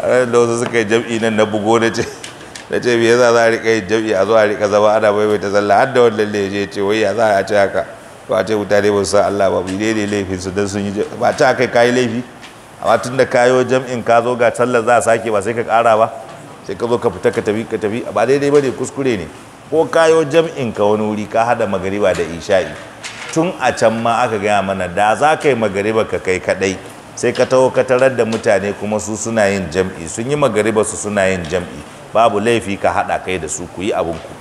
ranar da wasu suka yi jam'i nan na bugo na ce na ce biya za a riƙa yin jam'i a zo a riƙa zama ana ta sallah har da wannan da ya ce wai ya za a ce haka to a ce mutane ba su san Allah ba bi ne laifin su don sun yi ba ta kai kayi laifi amma tun da kayo jam'in ka zo ga sallar za a sake ba sai ka ƙara ba sai ka zo ka fita ka tafi ka tafi ba daidai bane kuskure ne ko kayo jam'in ka wani wuri ka hada magariba da isha'i tun a can ma aka gaya mana da za ka yi magariba ka kai kadai sai ka taho ka tarar da mutane kuma su suna yin jam'i sun yi magariba su suna yin jam'i babu laifi ka hada kai da su ku yi abin ku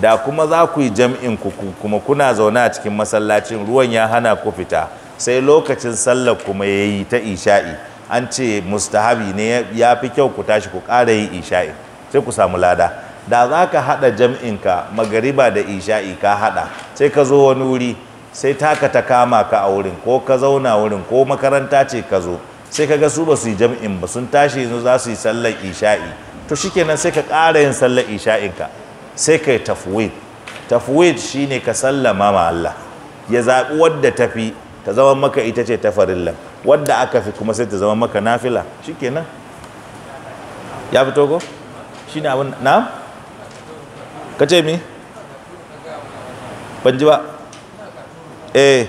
da kuma za ku yi jam'in ku kuma kuna zaune a cikin masallacin ruwan ya hana ku fita sai lokacin sallar kuma ya yi ta isha'i an ce mustahabi ne ya fi kyau ku tashi ku ƙara yin isha'i sai ku samu lada da za ka haɗa jam'inka magariba da isha'i ka haɗa sai ka zo wani wuri sai taka ta kama ka a wurin ko ka zauna wurin ko makaranta ce ka zo sai ka ga su ba su yi jam'in ba sun tashi yanzu za su yi sallar isha'i to shikenan sai ka ƙara yin sallar isha'inka sai ka yi tafwid tafwid shine ka sallama ma Allah ya zaɓi wadda tafi ta zama maka ita ce ta farilla wadda aka fi kuma sai ta zama maka nafila shikenan ya fito ko ne abin na ka ce mi ban ji ba eh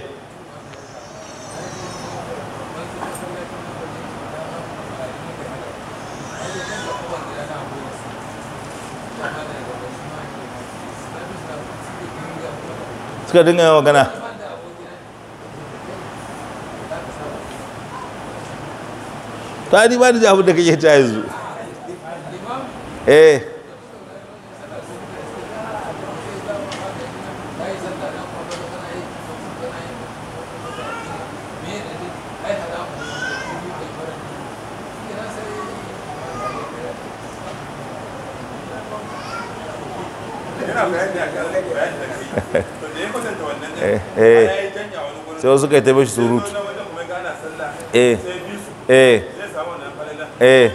suka dinga magana to ba da ji abin da kake ta yanzu eh. Eh, eh sai wasu kai ta bashi surutu eh eh eh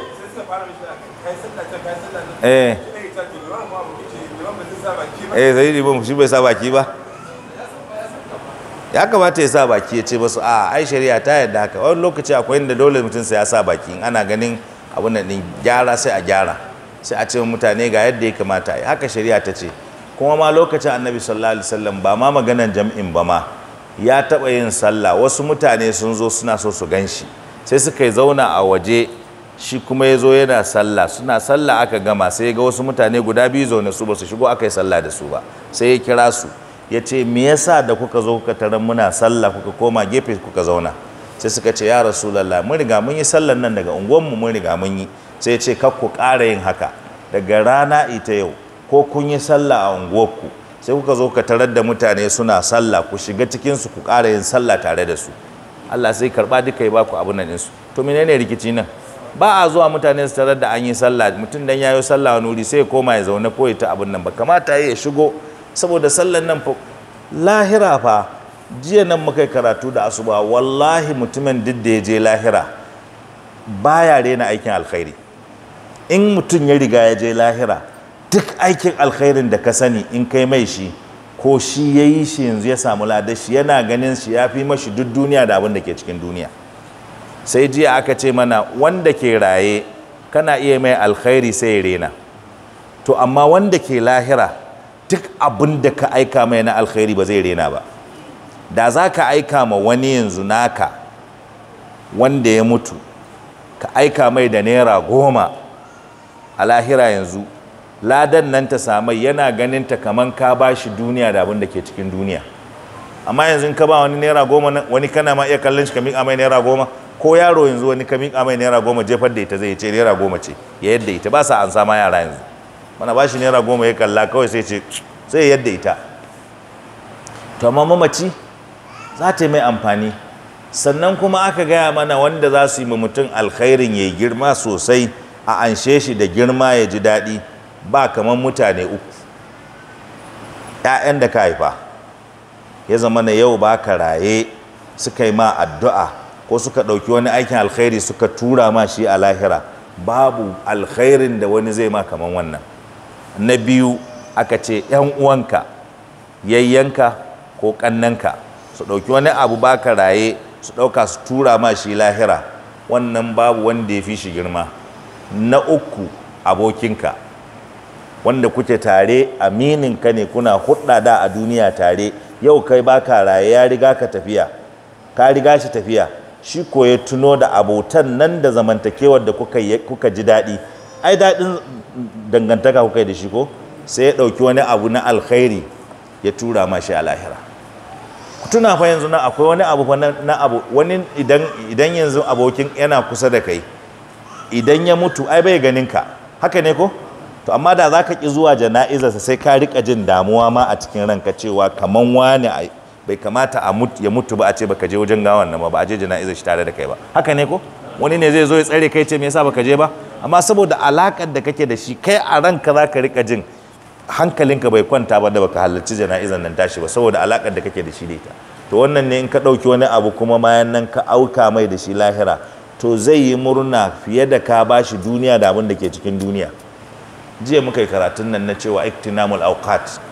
eh eh shi bai sa baki ba ya kamata ya sa baki ya ce masu a ai shari'a ta yadda haka wani lokaci akwai inda dole mutum ya sa baki in ana ganin abin da din gyara sai a gyara sai a ce mutane ga yadda ya kamata haka shari'a ta ce kuma ma lokacin annabi sallallahu alaihi wasallam ba ma maganan jam'in ba ma ya taɓa yin sallah wasu mutane sun zo suna so su gan shi sai suka yi zauna a waje shi kuma ya zo yana sallah suna sallah aka gama sai ya ga wasu mutane guda biyu zaune su ba su shigo aka yi sallah da su ba sai ya kira su ya ce me yasa da kuka zo kuka tarar muna sallah kuka koma gefe kuka zauna sai suka ce ya rasulallah mun riga mun yi sallan nan daga unguwanmu mun riga mun yi sai ya ce kar ku ƙara yin haka daga rana ita yau ko kun yi sallah a unguwarku sai kuka zo ka tarar da mutane suna sallah ku shiga cikinsu ku ƙara yin sallah tare da su Allah sai karɓa duka ya baku abin nan ɗinsu to menene rikici nan ba a zuwa mutane su tarar da an yi sallah mutum dan yayo sallah wani wuri sai koma ya zaune ko ya ta abin nan ba kamata ya shigo saboda sallan nan fa lahira fa jiya nan muka karatu da asuba wallahi mutumin duk da ya je lahira baya rena aikin alkhairi in mutum ya riga ya je lahira duk aikin alkhairin da ka sani in kai mai shi ko shi ya yi shi yanzu ya samu ladar shi yana ganin shi ya fi mashi duk duniya da abin da ke cikin duniya sai jiya aka ce mana wanda ke raye kana iya mai alkhairi sai ya rena to amma wanda ke lahira duk abin da ka aika mai na alkhairi ba zai rena ba da za ka aika ma wani yanzu naka wanda ya mutu ka aika mai da naira goma a lahira yanzu ladan nan ta samai yana ganin ta kaman ka ba shi duniya da abin da ke cikin duniya amma yanzu ka ba wani naira goma wani kana ma iya kallon shi ka miƙa mai naira goma ko yaro yanzu wani ka miƙa mai naira goma jefar da ita zai ce naira goma ce ya yadda ita ba sa an sama yara yanzu mana ba shi naira goma ya kalla kawai sai ce sai ya yadda ita to amma mamaci za ta yi mai amfani sannan kuma aka gaya mana wanda za su yi ma mutum alkhairin ya girma sosai a anshe shi da girma ya ji daɗi ba kamar mutane uku ‘ya'yan da ka haifa ya zama na yau ba ka raye suka yi ma addu'a ko suka ɗauki wani aikin alkhairi suka tura ma shi a lahira babu alkhairin da wani zai ma kaman wannan na biyu aka ce ‘yan uwanka yayyanka ko ƙannanka su ɗauki wani abu baka raye su ɗauka su tura ma shi lahira wannan babu wanda ya fi shi girma na uku abokinka wanda kuke tare amininka ne kuna hudda da a duniya tare yau kai baka raye ya riga ka tafiya ka riga shi tafiya shi ko ya tuno da abotan nan da zamantakewar da kuka ji daɗi ai daɗin dangantaka kuka yi da shi ko sai ya ɗauki wani abu na alkhairi ya tura shi a lahira tuna fa yanzu na akwai wani abu na abu wani idan yanzu abokin yana kusa da kai idan ya mutu ai bai ganin ka haka ne ko to amma da za ka ki zuwa jana'izarsa sai ka rika jin damuwa ma a cikin ranka cewa kaman wani bai kamata a mutu ya mutu ba a ce baka je wajen gawan nan ba a je jana'izar shi tare da kai ba haka ne ko wani ne zai zo ya tsare kai ce me yasa baka je ba amma saboda alakar da kake da shi kai a ranka za ka rika jin hankalinka bai kwanta ba da baka halarci jana'izar nan tashi ba saboda alakar da kake da shi da ita to wannan ne in ka ɗauki wani abu kuma bayan nan ka auka mai da shi lahira to zai yi murna fiye da ka bashi duniya da abin da ke cikin duniya jiya muka yi karatun nan na cewa iktinamul awqat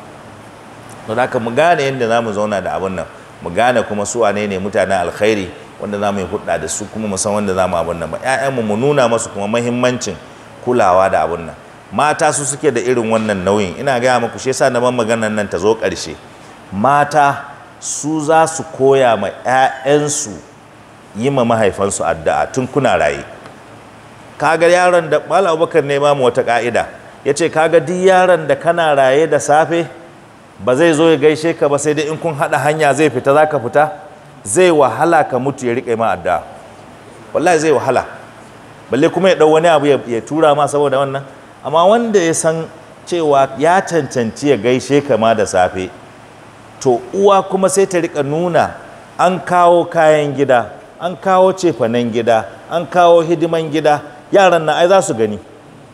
don haka mu gane yadda za mu zauna da abin nan mu gane kuma su wane ne mutanen alkhairi wanda za mu yi hudda da su kuma mu san wanda za mu abin nan ba ƴaƴanmu mu nuna masu kuma mahimmancin kulawa da abin nan mata su suke da irin wannan nauyin ina gaya muku shi yasa na ban maganar nan ta zo ƙarshe mata su za su koya ma 'ya'yansu yi ma mahaifansu addu'a tun kuna raye kaga yaron da malam abubakar ne ma mu wata ka'ida ya ce kaga duk yaron da kana raye da safe ba zai zo ya gaishe ka ba sai dai in kun haɗa hanya zai fita za ka fita zai wahala ka mutu ya riƙe ma adda wallahi zai wahala balle kuma ya ɗau wani abu ya tura ma saboda wannan amma wanda ya san cewa ya cancanci ya gaishe ka ma da safe to uwa kuma sai ta riƙa nuna an kawo kayan gida an kawo cefanen gida an kawo hidiman gida yaran na ai za su gani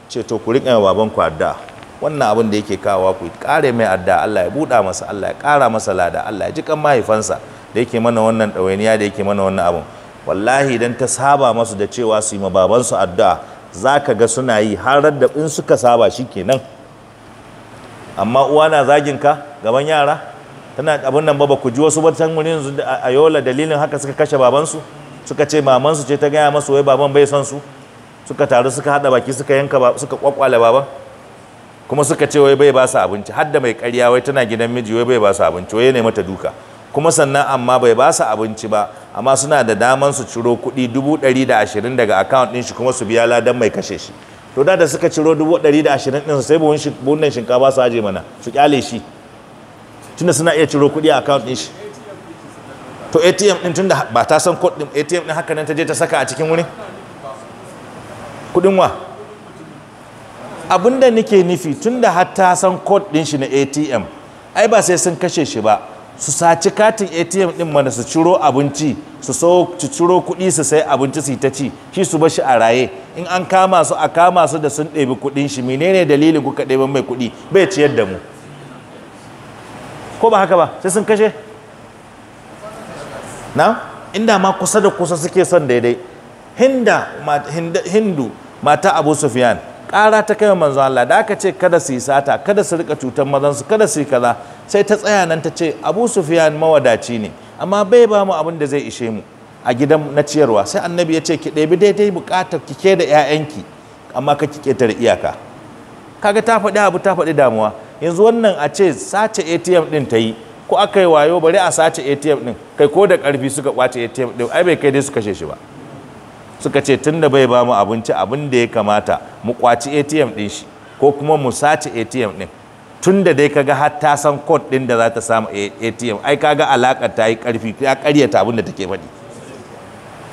ce to ku riƙe babanku addu'a wannan abin da yake kawowa ku kare mai adda Allah ya buɗa masa Allah ya ƙara masa lada Allah ya ji kan mahaifansa da yake mana wannan ɗawainiya da yake mana wannan abin wallahi idan ta saba masu da cewa su yi ma babansu addu'a za ka ga suna yi har da in suka saba shi kenan amma uwa na zagin ka gaban yara tana abin nan ba ku ji wasu ba can wurin yanzu a yola dalilin haka suka kashe babansu suka ce mamansu ce ta gaya masu wai baban bai son su suka taru suka haɗa baki suka yanka suka kwakwale baban kuma suka ce wai bai ba su abinci hadda mai karya wai tana gidan miji wai bai ba su abinci wai ne mata duka kuma sannan amma bai ba su abinci ba amma suna da daman su ciro kuɗi dubu ɗari da ashirin daga account ɗin shi kuma su biya ladan mai kashe shi to da da suka ciro dubu ɗari da ashirin ɗin sai buhunan shinkafa su aje mana su kyale shi tunda suna iya ciro kuɗi a account ɗin shi to atm ɗin tunda ba ta san code ɗin atm ɗin haka nan ta je ta saka a cikin wurin kuɗin wa abinda nake nufi tunda hatta san code din shi na ATM ai ba sai sun kashe shi ba su saci katin ATM din mana su ciro abinci su so ci ciro kuɗi su sai abinci su ta ci shi su bashi a raye in an kama su a kama su da sun ɗebi kuɗin shi menene dalilin kuka ɗebi mai kuɗi bai ciyar da mu ko ba haka ba sai sun kashe na inda ma kusa da kusa suke son daidai hindu mata abu sufyan ƙara ta kai manzo Allah da aka ce kada su yi sata kada su rika cutar mazan su kada su yi kaza sai ta tsaya nan ta ce Abu Sufyan mawadaci ne amma bai ba mu abin da zai ishe mu a gidan na ciyarwa sai annabi ya ce ki ɗebi daidai buƙatar ke da 'ya'yanki amma ka kike tar iyaka kaga ta faɗi abu ta faɗi damuwa yanzu wannan a ce sace ATM ɗin ta yi ko aka yi wayo bari a sace ATM ɗin kai ko da ƙarfi suka ƙwace ATM ɗin ai bai kai dai su kashe shi ba suka ce tunda bai ba mu abinci abin da ya kamata mu kwaci ATM din shi ko kuma mu sace ATM din tunda dai kaga har ta san code din da za ta samu ATM ai kaga alakar ta yi karfi ya karyata abin da take faɗi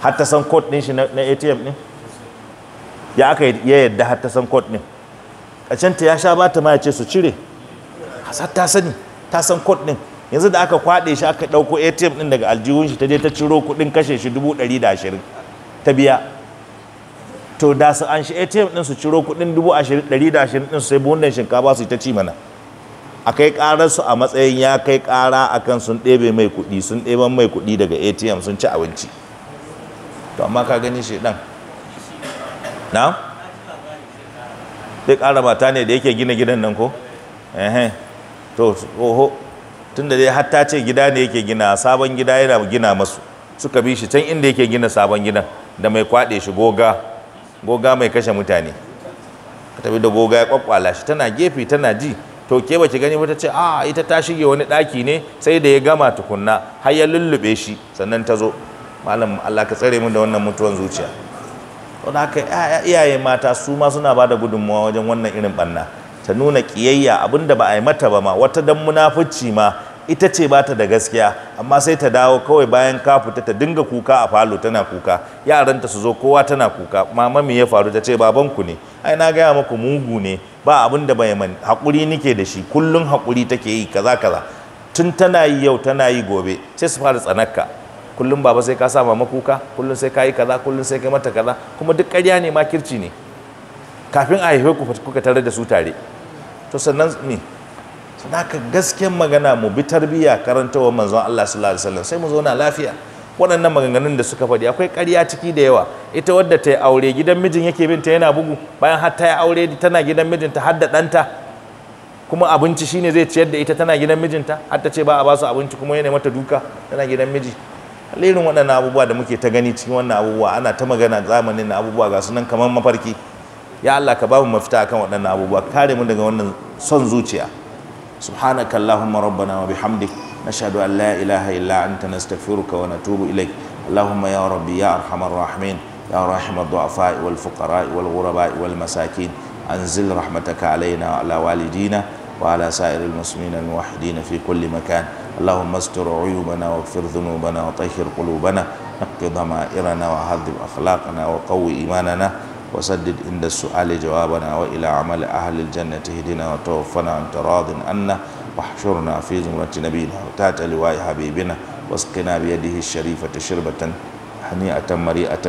har ta san code din shi na ATM din ya aka ya yadda har ta san code din ta ya sha ba ma ya ce su cire har ta sani ta san code din yanzu da aka kwaɗe shi aka ɗauko atm din daga aljihun shi ta je ta ciro kuɗin kashe shi dubu ɗari da ashirin ta biya to da su an shi atm din su ciro kudin dubu ashirin ɗari da ashirin din su sai buhunan shinkafa su ta ci mana a kai karar su a matsayin ya kai kara akan sun ɗebe mai kuɗi sun ɗeban mai kuɗi daga atm sun ci abinci to amma ka gani shi ɗan na zai kara mata ne da yake gina gidan nan ko to oho tunda dai hatta ce gida ne yake gina sabon gida yana gina masu suka bi shi can inda yake gina sabon gidan da mai kwaɗe shi goga goga mai kashe mutane ka tafi da goga ya kwakwala shi tana gefe tana ji to ke ba ki gani ba ce a ah, ita ta shige wani ɗaki ne sai da ya gama tukunna har ya lullube shi sannan ta zo malam Allah ka tsare mu da wannan mutuwan zuciya to da haka iyaye mata su ma suna ba da gudunmawa wajen wannan irin banna ta nuna kiyayya abinda ba a yi mata ba ma wata dan munafici ma ita ce ba ta da gaskiya amma sai ta dawo kawai bayan ka fita ta dinga kuka a falo tana kuka yaranta su zo kowa tana kuka mama me ya faru ta ce babanku ne ai na gaya muku mugu ne ba abin da bai man haƙuri nike da shi kullum haƙuri take yi kaza kaza tun tana yi yau tana yi gobe sai su fara tsanakka kullum baba sai ka sa mama kuka kullum sai ka yi kaza kullum sai ka mata kaza kuma duk ƙarya ne ma kirci ne kafin a haife ku kuka tare da su tare to sannan ne haka gaskiyar magana mu bi tarbiyya karantawa manzon Allah sallallahu alaihi wasallam sai mu zauna lafiya waɗannan maganganun da suka faɗi akwai ƙarya ciki da yawa ita wadda ta yi aure gidan mijin yake bin ta yana bugu bayan har ta yi aure tana gidan mijinta har da ɗanta kuma abinci shine zai ciyar da ita tana gidan mijinta har ta ce ba a ba su abinci kuma yana mata duka tana gidan miji lerin waɗannan abubuwa da muke ta gani cikin wannan abubuwa ana ta magana zamanin na abubuwa ga sunan kamar mafarki ya Allah ka ba mu mafita akan waɗannan abubuwa kare mu daga wannan son zuciya سبحانك اللهم ربنا وبحمدك نشهد أن لا إله إلا أنت نستغفرك ونتوب إليك اللهم يا ربي يا أرحم الراحمين يا راحم الضعفاء والفقراء والغرباء والمساكين أنزل رحمتك علينا وعلى والدينا وعلى سائر المسلمين الموحدين في كل مكان اللهم استر عيوبنا واغفر ذنوبنا وطهر قلوبنا نقض ضمائرنا وهذب أخلاقنا وقوي إيماننا وسدد عند السؤال جوابنا وإلى عمل أهل الجنة اهدنا وتوفنا أنت راض عنا واحشرنا في زمرة نبينا وتات لواء حبيبنا واسقنا بيده الشريفة شربة هنيئة مريئة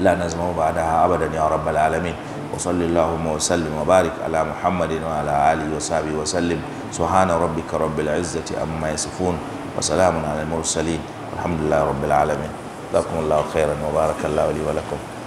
لا نزمه بعدها أبدا يا رب العالمين وصلى اللهم وسلم وبارك على محمد وعلى آله وصحبه وسلم سبحان ربك رب العزة أما يصفون وسلام على المرسلين الحمد لله رب العالمين جزاكم الله خيرا وبارك الله لي ولكم